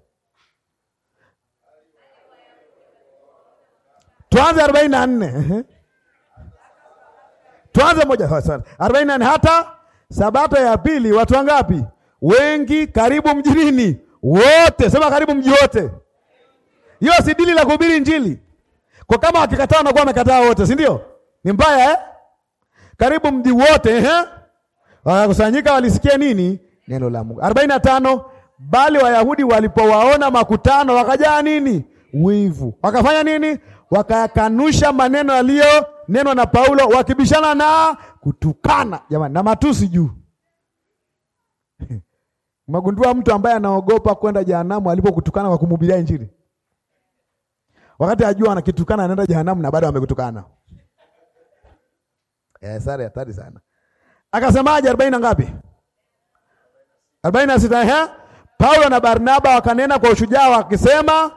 Tuanze arobaini na nne tuanze moja oh, sana arobaini na nne hata sabato ya pili watu wangapi? wengi karibu mji nini? Wote. Sema karibu mji wote. Hiyo si dili la kuhubiri Injili. Kwa kama akikataa anakuwa amekataa wote, si ndio? Ni mbaya eh? Karibu mji wote eh? Wakakusanyika walisikia nini? Neno la Mungu. 45 bali Wayahudi walipowaona makutano wakajaa nini? Wivu. Wakafanya nini? Wakayakanusha maneno yaliyo neno na Paulo wakibishana na kutukana, jamani, na matusi juu. Umegundua mtu ambaye anaogopa kwenda jehanamu alipokutukana kwa kumhubiria Injili, wakati ajua anakitukana anaenda jehanamu na bado amekutukana. Eh, sare hatari sana. Akasemaje arobaini na ngapi? arobaini na sita. Paulo na Barnaba wakanena kwa ushujaa wakisema,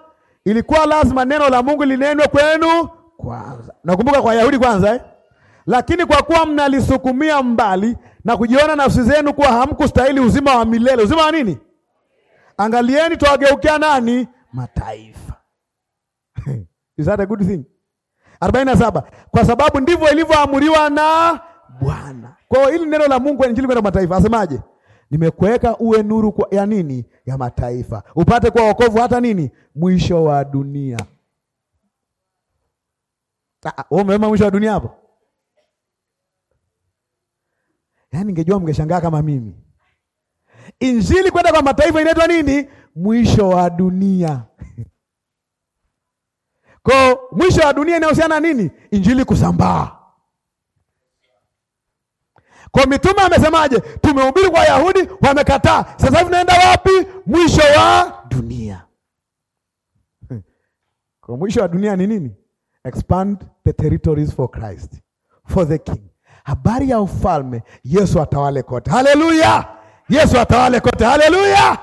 ilikuwa lazima neno la Mungu linenwe kwenu kwanza. Nakumbuka kwa Wayahudi kwanza eh? Lakini kwa kuwa mnalisukumia mbali na kujiona nafsi zenu kuwa hamkustahili uzima wa milele. Uzima wa nini? Angalieni twawageukia nani? Mataifa. Is that a good thing? 47. kwa sababu ndivyo ilivyoamuriwa na Bwana. Kwa hiyo hili neno la Mungu injili kwenda mataifa, asemaje? Nimekuweka uwe nuru kwa, ya nini? Ya mataifa, upate kwa wokovu hata nini? Mwisho wa dunia. Ah, ah, Umeona mwisho wa dunia hapo Yaani ningejua mngeshangaa kama mimi. Injili kwenda kwa mataifa inaitwa nini? Mwisho wa dunia. Kwa mwisho wa dunia inahusiana nini? Injili kusambaa. Kwa mitume amesemaje? Tumehubiri kwa Wayahudi, wamekataa. Sasa hivi naenda wapi? Mwisho wa dunia. Kwa mwisho wa dunia ni nini? Expand the territories for Christ, for the king habari ya ufalme, Yesu atawale kote. Haleluya! Yesu atawale kote. Haleluya!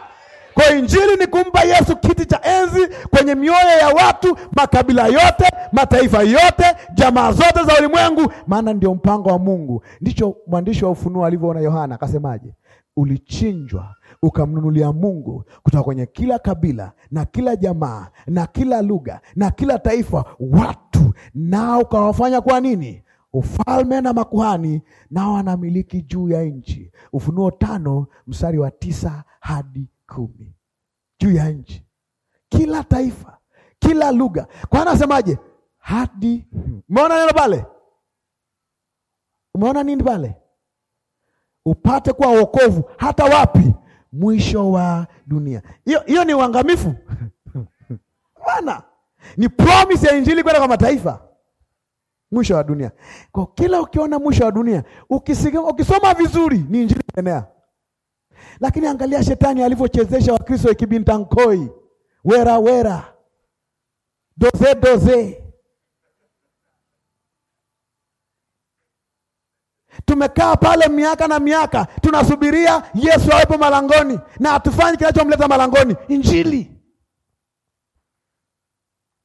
Kwa injili ni kumpa Yesu kiti cha enzi kwenye mioyo ya watu, makabila yote, mataifa yote, jamaa zote za ulimwengu, maana ndio mpango wa Mungu. Ndicho mwandishi wa Ufunuo alivyoona Yohana, akasemaje? Ulichinjwa ukamnunulia Mungu kutoka kwenye kila kabila na kila jamaa na kila lugha na kila taifa watu, nao ukawafanya kwa nini? ufalme na makuhani nao wanamiliki juu ya nchi. Ufunuo tano mstari wa tisa hadi kumi. Juu ya nchi, kila taifa, kila lugha. Kwa anasemaje? Hadi umeona neno pale, umeona nini pale? Upate kwa wokovu hata wapi? Mwisho wa dunia. Hiyo hiyo ni uangamifu bana, ni promise ya injili kwenda kwa mataifa mwisho wa dunia. Kwa kila ukiona mwisho wa dunia, ukisiga, ukisoma vizuri ni injili imeenea. Lakini angalia shetani alivyochezesha Wakristo ikibintankoi, wera wera, doze doze. Tumekaa pale miaka na miaka tunasubiria Yesu awepo malangoni na hatufanyi kinachomleta malangoni, injili.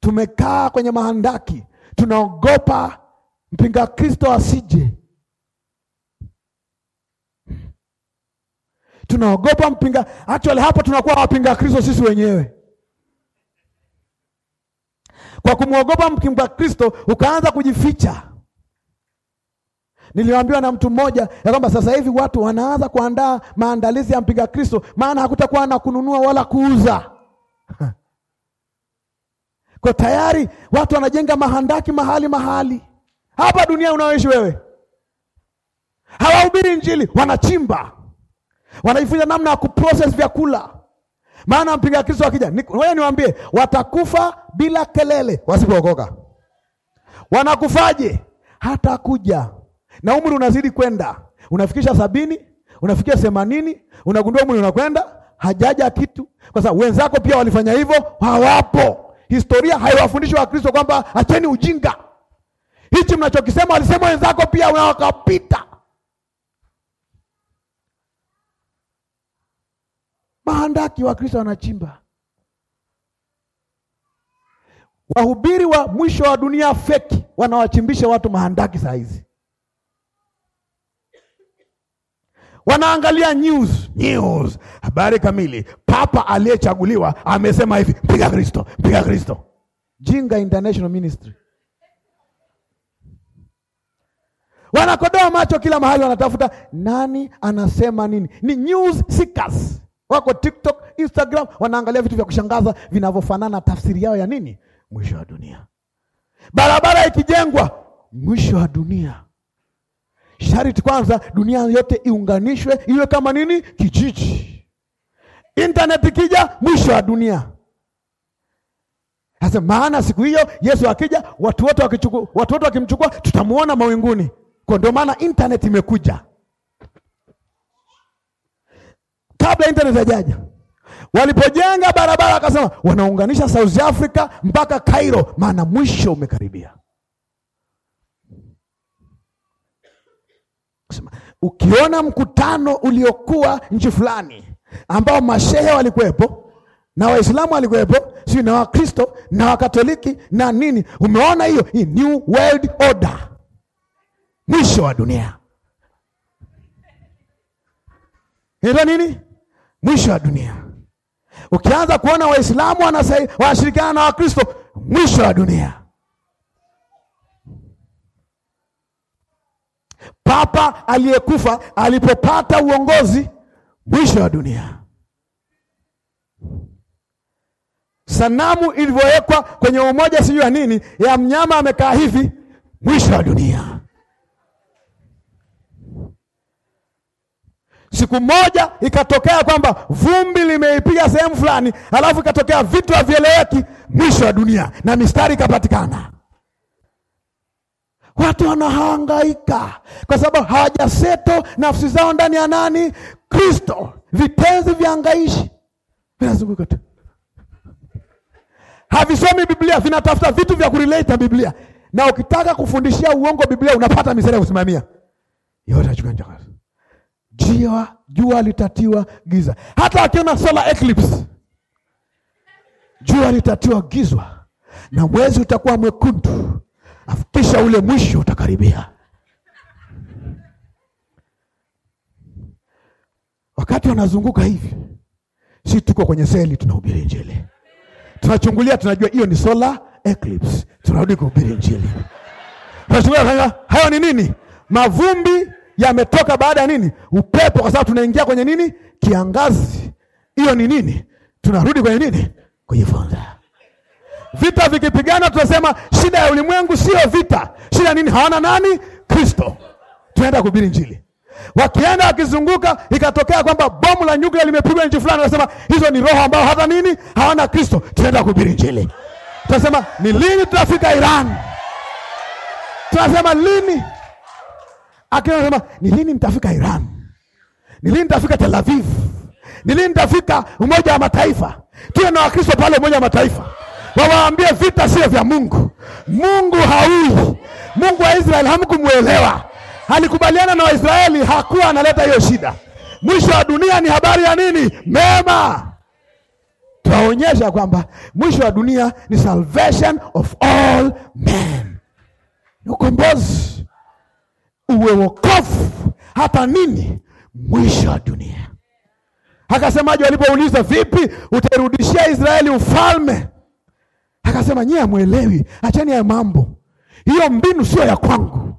Tumekaa kwenye mahandaki tunaogopa mpinga Kristo asije, tunaogopa mpinga. Actually hapa tunakuwa wapinga Kristo sisi wenyewe kwa kumwogopa mpinga Kristo ukaanza kujificha. Niliambiwa na mtu mmoja ya kwamba sasa hivi watu wanaanza kuandaa maandalizi ya mpinga Kristo, maana hakutakuwa na kununua wala kuuza Kwa tayari watu wanajenga mahandaki mahali mahali hapa dunia unaoishi wewe. Hawahubiri Injili, wanachimba, wanajifunza namna ya kuprocess vyakula. Maana mpinga Kristo akija, ngoja niwaambie, watakufa bila kelele wasipookoka. Wanakufaje? hata kuja na umri unazidi kwenda, unafikisha sabini, unafikia themanini, unagundua umri unakwenda, hajaja kitu, kwa sababu wenzako pia walifanya hivyo, hawapo Historia haiwafundishi Wakristo kwamba acheni ujinga, hichi mnachokisema walisema wenzako pia, unawakapita mahandaki. Wakristo wanachimba wahubiri wa mwisho wa dunia feki, wanawachimbisha watu mahandaki saa hizi. wanaangalia news, news, habari kamili. Papa aliyechaguliwa amesema hivi, piga Kristo, piga Kristo. Jinga International Ministry wanakodoa macho kila mahali, wanatafuta nani anasema nini. Ni news seekers, wako TikTok, Instagram, wanaangalia vitu vya kushangaza vinavyofanana tafsiri yao ya nini, mwisho wa dunia. Barabara ikijengwa, mwisho wa dunia sharti kwanza dunia yote iunganishwe iwe kama nini, kijiji. Internet ikija, mwisho wa dunia. Sasa maana siku hiyo Yesu akija, watu wote wakichukua, watu wote wakimchukua, tutamuona mawinguni. Kwa ndio maana internet imekuja. Kabla internet hajaja, walipojenga barabara, akasema wanaunganisha South Africa mpaka Cairo, maana mwisho umekaribia. kusema ukiona mkutano uliokuwa nchi fulani ambao mashehe walikuwepo na Waislamu walikuwepo, si na Wakristo na Wakatoliki na nini, umeona hiyo hii new world order, mwisho wa dunia. Inaitwa nini? Mwisho wa dunia. Ukianza kuona Waislamu wanashirikiana na Wakristo, mwisho wa dunia. papa aliyekufa alipopata uongozi mwisho wa dunia. Sanamu ilivyowekwa kwenye umoja sijui ya nini ya mnyama amekaa hivi, mwisho wa dunia. Siku moja ikatokea kwamba vumbi limeipiga sehemu fulani, alafu ikatokea vitu havieleweki, mwisho wa dunia, na mistari ikapatikana. Watu wanahangaika kwa sababu hawajaseto nafsi zao ndani ya nani? Kristo. Vitenzi vya angaishi vinazunguka tu, havisomi Biblia, vinatafuta vitu vya kurelate na Biblia, na ukitaka kufundishia uongo Biblia unapata misera ya kusimamia yote. Achukua jua, jua litatiwa giza. Hata akiona solar eclipse, jua litatiwa gizwa na mwezi utakuwa mwekundu afu kisha ule mwisho utakaribia. Wakati wanazunguka hivi, si tuko kwenye seli, tunahubiri Injili, tunachungulia, tunajua hiyo ni sola eclipse, tunarudi kuhubiri Injili. Hayo ni nini? Mavumbi yametoka baada ya nini? Upepo, kwa sababu tunaingia kwenye nini? Kiangazi. Hiyo ni nini? Tunarudi kwenye nini? Kujifunza. Vita vikipigana tunasema shida ya ulimwengu sio vita. Shida nini? Hawana nani? Kristo. Tunaenda kuhubiri Injili. Wakienda wakizunguka, ikatokea kwamba bomu la nyuklia limepigwa nchi fulani, wanasema hizo ni roho ambao hata nini hawana Kristo. Tunaenda kuhubiri Injili. Tunasema ni lini tutafika Iran? Tunasema lini? Akina anasema ni lini mtafika Iran? Ni lini mtafika Tel Aviv? Ni lini mtafika Umoja wa Mataifa? Tuwe na Wakristo pale Umoja wa Mataifa wawaambie vita sio vya Mungu. Mungu haui. Mungu wa Israeli hamkumwelewa, alikubaliana na Waisraeli, hakuwa analeta hiyo shida. Mwisho wa dunia ni habari ya nini? Mema. Twaonyesha kwamba mwisho wa dunia ni salvation of all men, ukombozi, uwe wokovu hata nini, mwisho wa dunia. Akasemaje walipouliza, vipi utairudishia Israeli ufalme? Akasema nyie amwelewi acheni haya mambo, hiyo mbinu sio ya kwangu.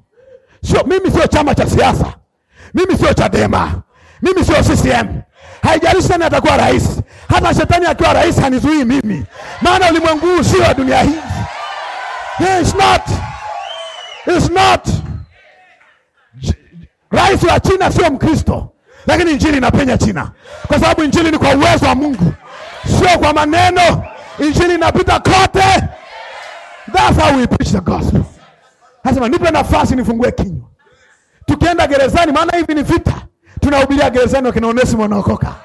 Sio mimi, sio chama cha siasa, mimi sio Chadema, mimi sio CCM. Haijalishi nani atakuwa rais, hata shetani akiwa rais hanizuii mimi, maana ulimwengu huu sio wa dunia hii. Yeah, it's not. It's not. Rais wa China sio Mkristo, lakini injili inapenya China, kwa sababu injili ni kwa uwezo wa Mungu, sio kwa maneno injili inapita kote. That's how we preach the gospel. Nasema nipe nafasi nifungue kinywa. Tukienda gerezani, maana hivi ni vita. Tunahubiria gerezani, wakina Onesimo wanaokoka,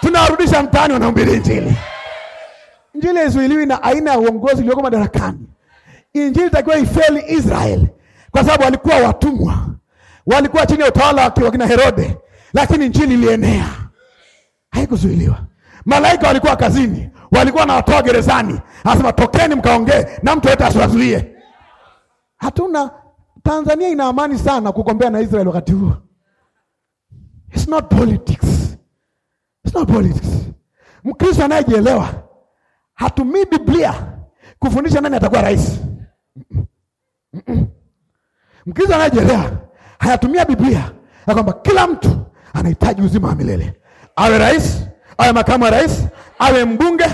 tunawarudisha mtaani, wanahubiri injili. Injili haizuiliwi na aina ya uongozi ulioko madarakani. Injili itakiwa ifeli Israel, kwa sababu walikuwa watumwa, walikuwa chini ya utawala wa kina Herode, lakini injili ilienea, haikuzuiliwa. Malaika walikuwa kazini, walikuwa na watoa gerezani, anasema tokeni mkaongee na mtu yote asiwazuie. Hatuna Tanzania ina amani sana kugombea na Israel wakati huo. It's not politics. It's not politics. Mkristo anayejielewa hatumii Biblia kufundisha nani atakuwa rais. Mkristo anayejielewa hayatumia Biblia ya kwamba kila mtu anahitaji uzima wa milele awe rais awe makamu wa rais, awe mbunge,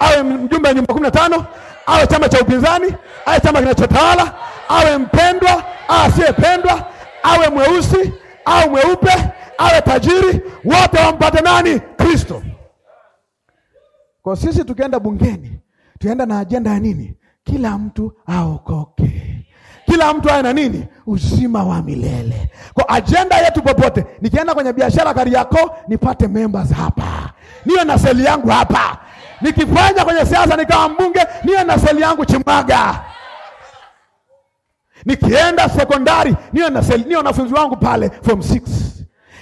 awe mjumbe wa nyumba kumi na tano, awe chama cha upinzani, awe chama kinachotawala, awe mpendwa, awe asiyependwa, awe mweusi au mweupe, awe tajiri, wote wampate nani? Kristo. Kwa sisi tukienda bungeni, tuenda na ajenda ya nini? Kila mtu aokoke kila mtu awe na nini? Uzima wa milele. Kwa ajenda yetu popote, nikienda kwenye biashara yako nipate members hapa, niwe na seli yangu hapa. Nikifanya kwenye siasa nikawa mbunge, niwe na seli yangu Chimaga. Nikienda sekondari niwe na seli, niwe wanafunzi wangu pale form 6,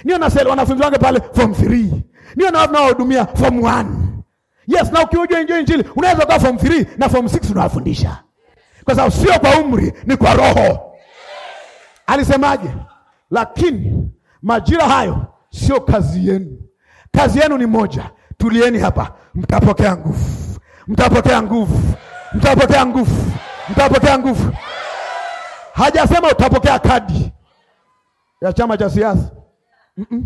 niwe na seli wanafunzi wangu pale form 3, niwe na watu nawahudumia form 1. Yes, na ukiuja enjoy Injili unaweza kuwa form 3 na form 6 unawafundisha kwa sababu sio kwa umri, ni kwa roho. Alisemaje? Lakini majira hayo sio kazi yenu. Kazi yenu ni moja. Tulieni hapa, mtapokea nguvu, mtapokea nguvu, mtapokea nguvu, mtapokea nguvu. Hajasema utapokea kadi ya chama cha siasa mm -mm.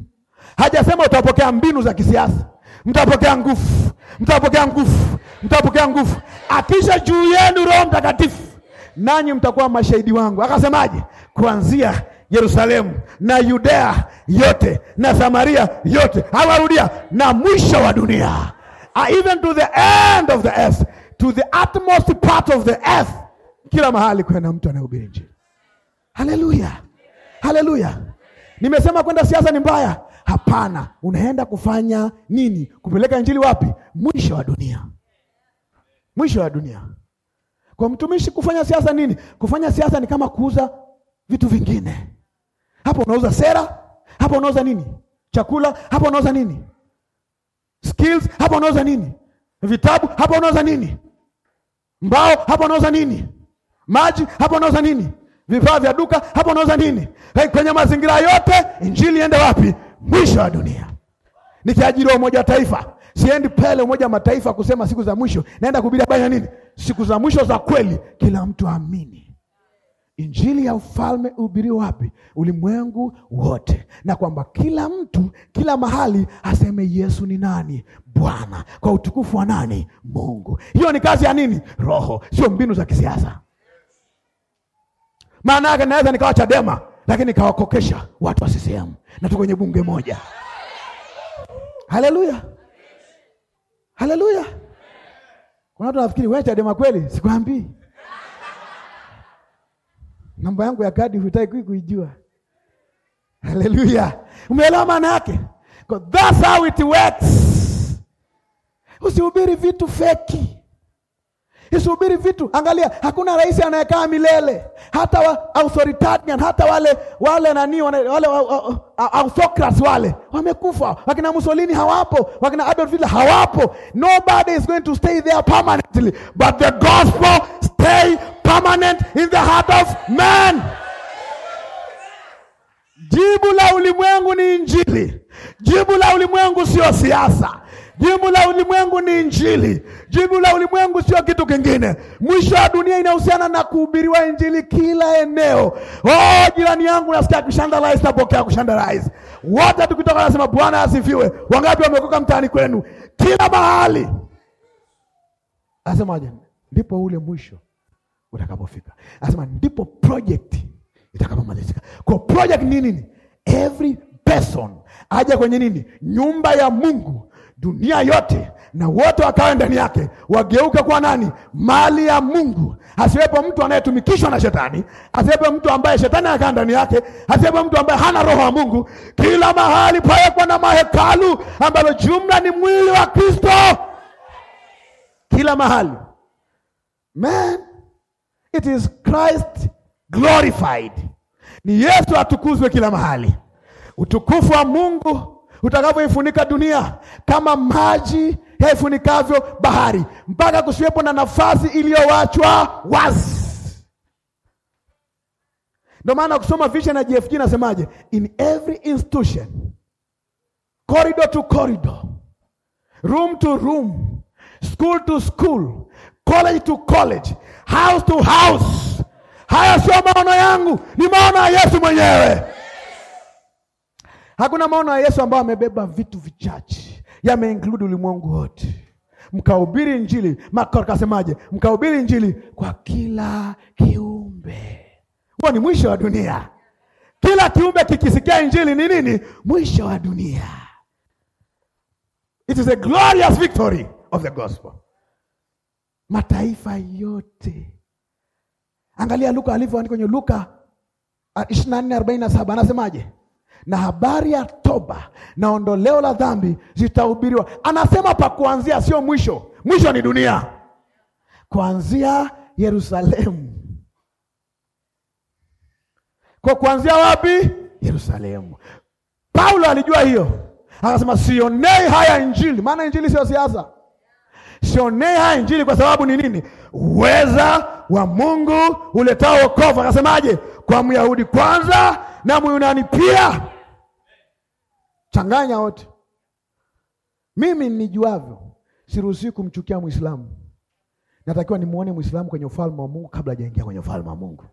Hajasema utapokea mbinu za kisiasa mtapokea nguvu, mtapokea nguvu, mtapokea nguvu, akisha juu yenu Roho Mtakatifu, nanyi mtakuwa mashahidi wangu. Akasemaje? kuanzia Yerusalemu na Yudea yote na Samaria yote, hawarudia na mwisho wa dunia, ah, even to the end of the earth, to the utmost part of the earth. Kila mahali kuna mtu anayehubiri Injili. Haleluya, haleluya! Nimesema kwenda siasa ni mbaya, Hapana, unaenda kufanya nini? Kupeleka injili wapi? Mwisho wa dunia, mwisho wa dunia. Kwa mtumishi kufanya siasa nini? Kufanya siasa ni kama kuuza vitu vingine. Hapo unauza sera, hapo unauza nini? Chakula, hapo unauza nini? Skills, hapo unauza nini? Vitabu, hapo unauza nini? Mbao, hapo unauza nini? Maji, hapo unauza nini? Vifaa vya duka, hapo unauza nini? Hey, kwenye mazingira yote injili iende wapi? mwisho wa dunia. Nikiajiriwa Umoja wa Taifa, siendi pale Umoja wa Mataifa kusema siku za mwisho, naenda kuhubiri habari ya nini? Siku za mwisho za kweli, kila mtu aamini. Injili ya ufalme uhubiri wapi? Ulimwengu wote, na kwamba kila mtu kila mahali aseme Yesu ni nani, Bwana kwa utukufu wa nani? Mungu. Hiyo ni kazi ya nini? Roho, sio mbinu za kisiasa. Maana yake naweza nikawa Chadema lakini kawakokesha watu wa CCM na tu kwenye bunge moja. Haleluya, haleluya. Kuna watu nafikiri wewe Chadema kweli? Sikwambii namba yangu ya kadi hutaki kuijua. Haleluya, umeelewa maana yake? That's how it works. Usihubiri vitu feki isubiri vitu. Angalia, hakuna rais anayekaa milele, hata wa authoritarian, hata wale wale nani wale, wale wa, autocrats wale wamekufa. Wakina Mussolini hawapo, wakina Adolf Hitler hawapo. Nobody is going to stay there permanently, but the gospel stay permanent in the heart of man. Jibu la ulimwengu ni Injili. Jibu la ulimwengu sio siasa. Jibu la ulimwengu ni Injili. Jibu la ulimwengu sio kitu kingine. Mwisho wa dunia inahusiana na kuhubiriwa Injili kila eneo. Oh, jirani yangu nasikia kushandalize, napokea kushandalize. Wote tukitoka nasema Bwana asifiwe. Wangapi wamekoka mtaani kwenu? Kila mahali. Asemaje? Ndipo ule mwisho utakapofika. Asema ndipo project itakapomalizika. Kwa project ni nini? Every person aje kwenye nini? Nyumba ya Mungu dunia yote na wote wakawe ndani yake, wageuke kwa nani? Mali ya Mungu. Asiwepo mtu anayetumikishwa na shetani, asiwepo mtu ambaye shetani anakaa ndani yake, asiwepo mtu ambaye hana roho ya Mungu. Kila mahali pawekwa na mahekalu ambalo jumla ni mwili wa Kristo, kila mahali. Man, it is Christ glorified. Ni Yesu atukuzwe kila mahali, utukufu wa Mungu utakavyoifunika dunia kama maji yaifunikavyo bahari, mpaka kusiwepo na nafasi iliyowachwa wazi. Ndio maana kusoma vision na GFG nasemaje, in every institution corridor to corridor, room to room, school to school, college to college, house to house. Haya sio maono yangu, ni maono ya Yesu mwenyewe. Hakuna maono ya Yesu ambayo amebeba vitu vichache, yameinclude ulimwengu wote. Mkahubiri Injili, Marko akasemaje? Mkahubiri Injili kwa kila kiumbe. Huo ni mwisho wa dunia. Kila kiumbe kikisikia Injili ni nini? Mwisho wa dunia. It is a glorious victory of the gospel. Mataifa yote, angalia Luka alivyoandika kwenye Luka 24:47 uh, anasemaje? na habari ya toba na ondoleo la dhambi zitahubiriwa. Anasema pa kuanzia, sio mwisho. Mwisho ni dunia, kuanzia Yerusalemu. Kwa kuanzia wapi? Yerusalemu. Paulo alijua hiyo, akasema sionei haya Injili, maana Injili sio siasa. Sionei haya Injili kwa sababu ni nini? Uweza wa Mungu uletao wokovu. Akasemaje? Kwa Myahudi kwanza na Myunani pia, changanya wote. Mimi nijuavyo, siruhusi kumchukia Mwislamu, natakiwa nimuone Mwislamu kwenye ufalme wa Mungu kabla hajaingia kwenye ufalme wa Mungu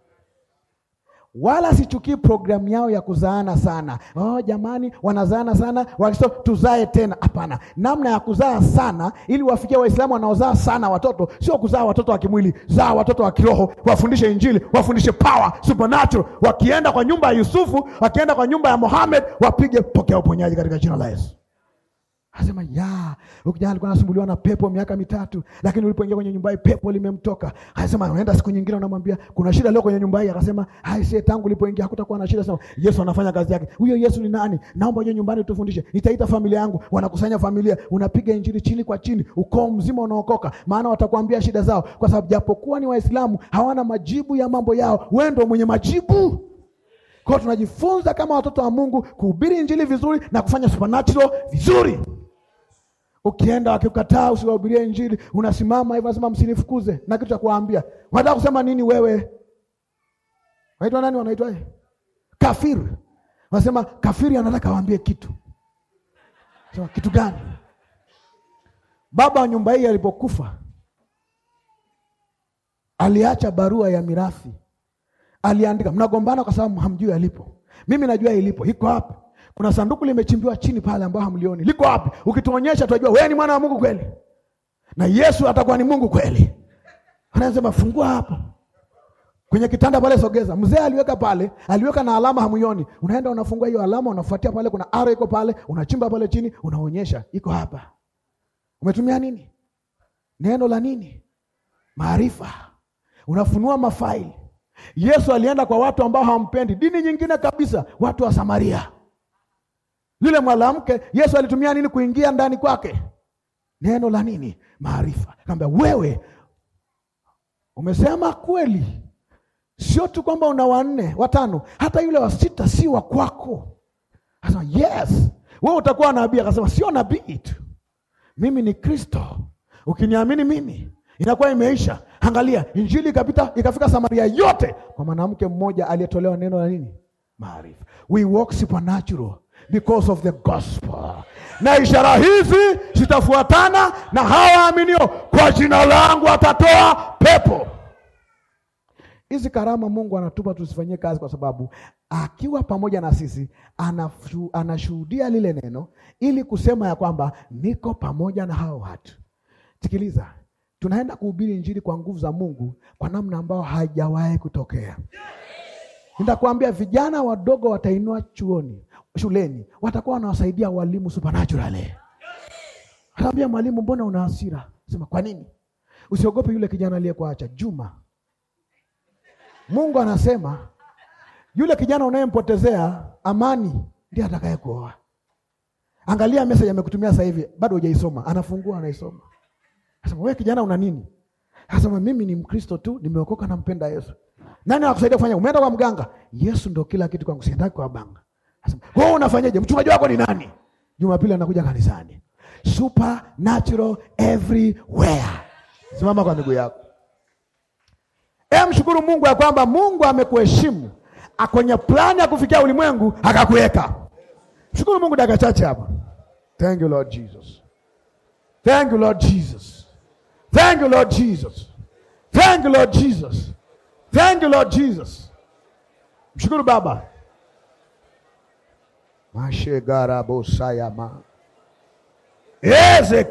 wala sichukii programu yao ya kuzaana sana. Oh, jamani wanazaana sana wakisema tuzae tena. Hapana, namna ya kuzaa sana ili wafikie Waislamu wanaozaa sana watoto, sio kuzaa watoto wa kimwili, zaa watoto wa kiroho, wafundishe Injili, wafundishe power supernatural. Wakienda kwa nyumba ya Yusufu, wakienda kwa nyumba ya Mohamed, wapige pokea uponyaji katika jina la Yesu. Anasema ya ukija alikuwa anasumbuliwa na pepo miaka mitatu, lakini ulipoingia kwenye nyumba hii pepo limemtoka. Anasema unaenda siku nyingine, unamwambia kuna shida leo kwenye nyumba hii, akasema hai, sie tangu ulipoingia hakutakuwa na shida. Sema Yesu anafanya kazi yake. Huyo Yesu ni nani? Naomba uje nyumbani utufundishe. Nitaita familia yangu, wanakusanya familia, unapiga injili chini kwa chini, ukoo mzima unaokoka, maana watakwambia shida zao, kwa sababu japokuwa ni Waislamu hawana majibu ya mambo yao, wewe ndio mwenye majibu. Kwa tunajifunza kama watoto wa Mungu kuhubiri injili vizuri na kufanya supernatural vizuri. Ukienda wakikataa usiwahubirie Injili, unasimama hivyo, nasema msinifukuze, na kitu cha kuwaambia. Wanataka kusema nini wewe? Wanaitwa nani? Wanaitwa Kafiri. Wanasema kafiri anataka waambie kitu. Sema kitu gani? Baba wa nyumba hii alipokufa aliacha barua ya mirathi, aliandika. Mnagombana kwa sababu hamjui alipo. Mimi najua ilipo, iko hapa kuna sanduku limechimbiwa chini pale ambao hamlioni. Liko wapi? Ukituonyesha tutajua wewe ni mwana wa Mungu kweli. Na Yesu atakuwa ni Mungu kweli. Anasema fungua hapo. Kwenye kitanda pale sogeza. Mzee aliweka pale, aliweka na alama hamuioni. Unaenda unafungua hiyo alama, unafuatia pale kuna arrow iko pale, unachimba pale chini, unaonyesha iko hapa. Umetumia nini? Neno la nini? Maarifa. Unafunua mafaili. Yesu alienda kwa watu ambao hawampendi, dini nyingine kabisa, watu wa Samaria. Yule mwanamke Yesu alitumia nini kuingia ndani kwake? Neno la nini? Maarifa. Kaambia wewe umesema kweli, sio tu kwamba una wanne watano, hata yule wa sita si wa kwako. Akasema yes, wewe utakuwa nabii. Akasema sio nabii tu, mimi ni Kristo. Ukiniamini mimi inakuwa imeisha. Angalia, injili ikapita ikafika Samaria yote kwa mwanamke mmoja aliyetolewa neno la nini? Maarifa. We walk supernatural because of the gospel. Na ishara hizi zitafuatana na hawa aminio, kwa jina langu atatoa pepo. Hizi karama Mungu anatupa tuzifanyie kazi, kwa sababu akiwa pamoja na sisi anashuhudia lile neno, ili kusema ya kwamba niko pamoja na hao watu. Sikiliza, tunaenda kuhubiri injili kwa nguvu za Mungu kwa namna ambayo haijawahi kutokea. Nitakuambia vijana wadogo watainua chuoni shuleni, watakuwa wanawasaidia walimu supernaturally. Ataambia mwalimu, mbona una hasira? Sema kwa nini? Usiogope yule kijana aliyekuacha Juma. Mungu anasema yule kijana unayempotezea amani ndiye atakayekuoa. Angalia message amekutumia sasa hivi, bado hujaisoma, anafungua anaisoma. Anasema wewe kijana una nini? Anasema mimi ni Mkristo tu, nimeokoka nampenda Yesu. Nani anakusaidia kufanya? Umeenda kwa mganga? Yesu ndo kila kitu kwangu, siendaki kwa banga. Asema, Wewe unafanyaje? Mchungaji wako ni nani? Jumapili anakuja kanisani. Supernatural everywhere. Simama kwa miguu yako. E, mshukuru Mungu ya kwamba Mungu amekuheshimu akwenye plani ya kufikia ulimwengu akakuweka. Mshukuru Mungu dakika chache hapa. Thank you Lord Jesus. Thank you Lord Jesus. Thank you Lord Jesus. Thank you Lord Jesus. Thank you Lord Jesus. Mshukuru Baba mashegarabosayama eze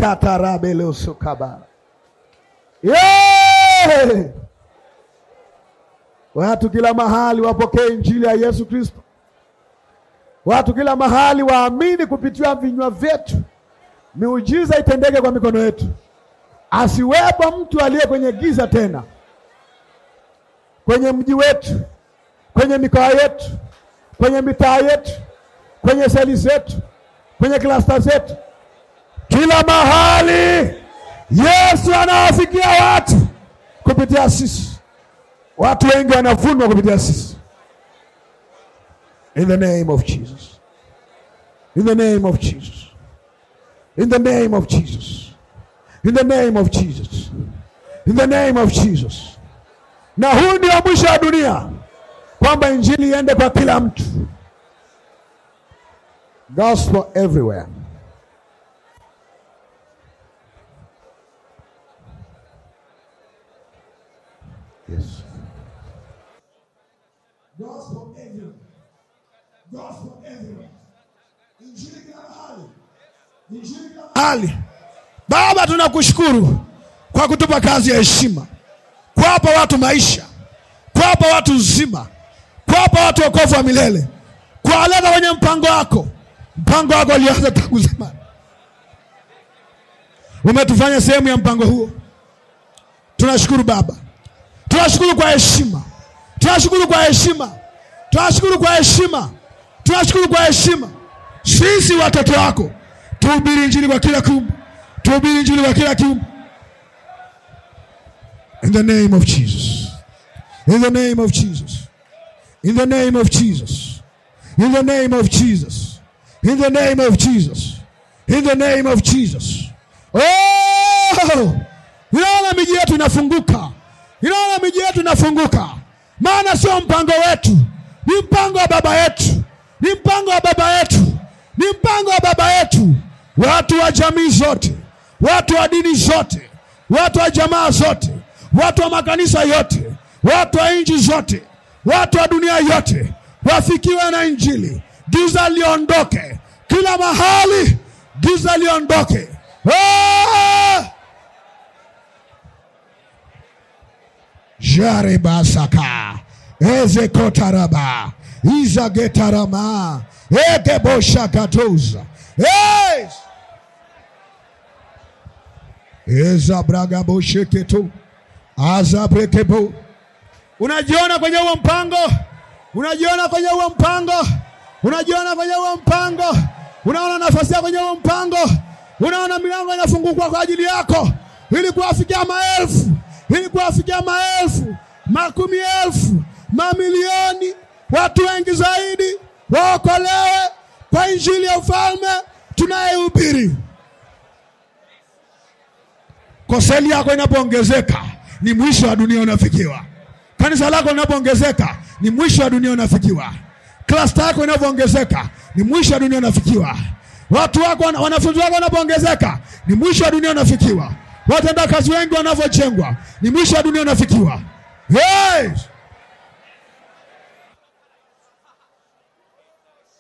Watu kila mahali wapokee injili ya Yesu Kristo. Watu kila mahali waamini kupitia vinywa vyetu, miujiza itendeke kwa mikono yetu, asiwepo mtu aliye kwenye giza tena, kwenye mji wetu, kwenye mikoa yetu, kwenye mitaa yetu kwenye seli zetu, kwenye klasta zetu, kila mahali. Yesu anawafikia watu kupitia sisi. Watu wengi wanavunwa kupitia sisi. In the name of Jesus. In the name of Jesus. In the name of Jesus. In the name of Jesus. In the name of Jesus. Na huu ndio mwisho wa dunia, kwamba injili iende kwa kila mtu gospel everywhere. Yes. Gospel everywhere. Gospel everywhere. Injili kila mahali. Injili kila Baba, tunakushukuru kwa kutupa kazi ya heshima, kuwapa watu maisha, kuwapa watu uzima, kuwapa watu wokovu wa milele, kuwaleta kwenye mpango wako. Mpango wako ulianza tangu zamani, umetufanya sehemu ya mpango huo. Tunashukuru Baba, tunashukuru kwa heshima, tunashukuru kwa heshima, tunashukuru kwa heshima, tunashukuru kwa heshima. Sisi watoto wako tuhubiri injili kwa kila kiumbe, tuhubiri injili kwa kila kiumbe. In the name of Jesus. In the name of Jesus. In the name of Jesus. In the name of Jesus. In the name of Jesus. In the name of Jesus. Oh! Inaona miji yetu inafunguka. Inaona miji yetu inafunguka. Maana sio mpango wetu, ni mpango wa baba yetu, ni mpango wa baba yetu, ni mpango wa baba yetu. Watu wa jamii zote, watu wa dini zote, watu wa jamaa zote, watu wa makanisa yote, watu wa nchi zote, watu wa dunia yote wafikiwe na Injili giza liondoke kila mahali, giza liondoke. Ah! jarebasaka ezekotaraba izagetarama egeboshakatoza ezabragabosheketo azabrekebo. Unajiona kwenye huo mpango, unajiona kwenye huo mpango unajiona kwenye huo mpango, unaona nafasi yako kwenye huo mpango, unaona milango inafungukwa kwa ajili yako, ili kuwafikia maelfu, ili kuwafikia maelfu, makumi elfu, mamilioni, watu wengi zaidi waokolewe kwa injili ya ufalme tunayehubiri. Koseli yako inapoongezeka ni mwisho wa dunia unafikiwa. Kanisa lako linapoongezeka ni mwisho wa dunia unafikiwa klasta yako inavyoongezeka ni mwisho wa dunia unafikiwa. Watu wako wanafunzi wako wanapoongezeka ni mwisho wa dunia unafikiwa. Watenda kazi wengi wanavyojengwa ni mwisho wa dunia unafikiwa. Yes!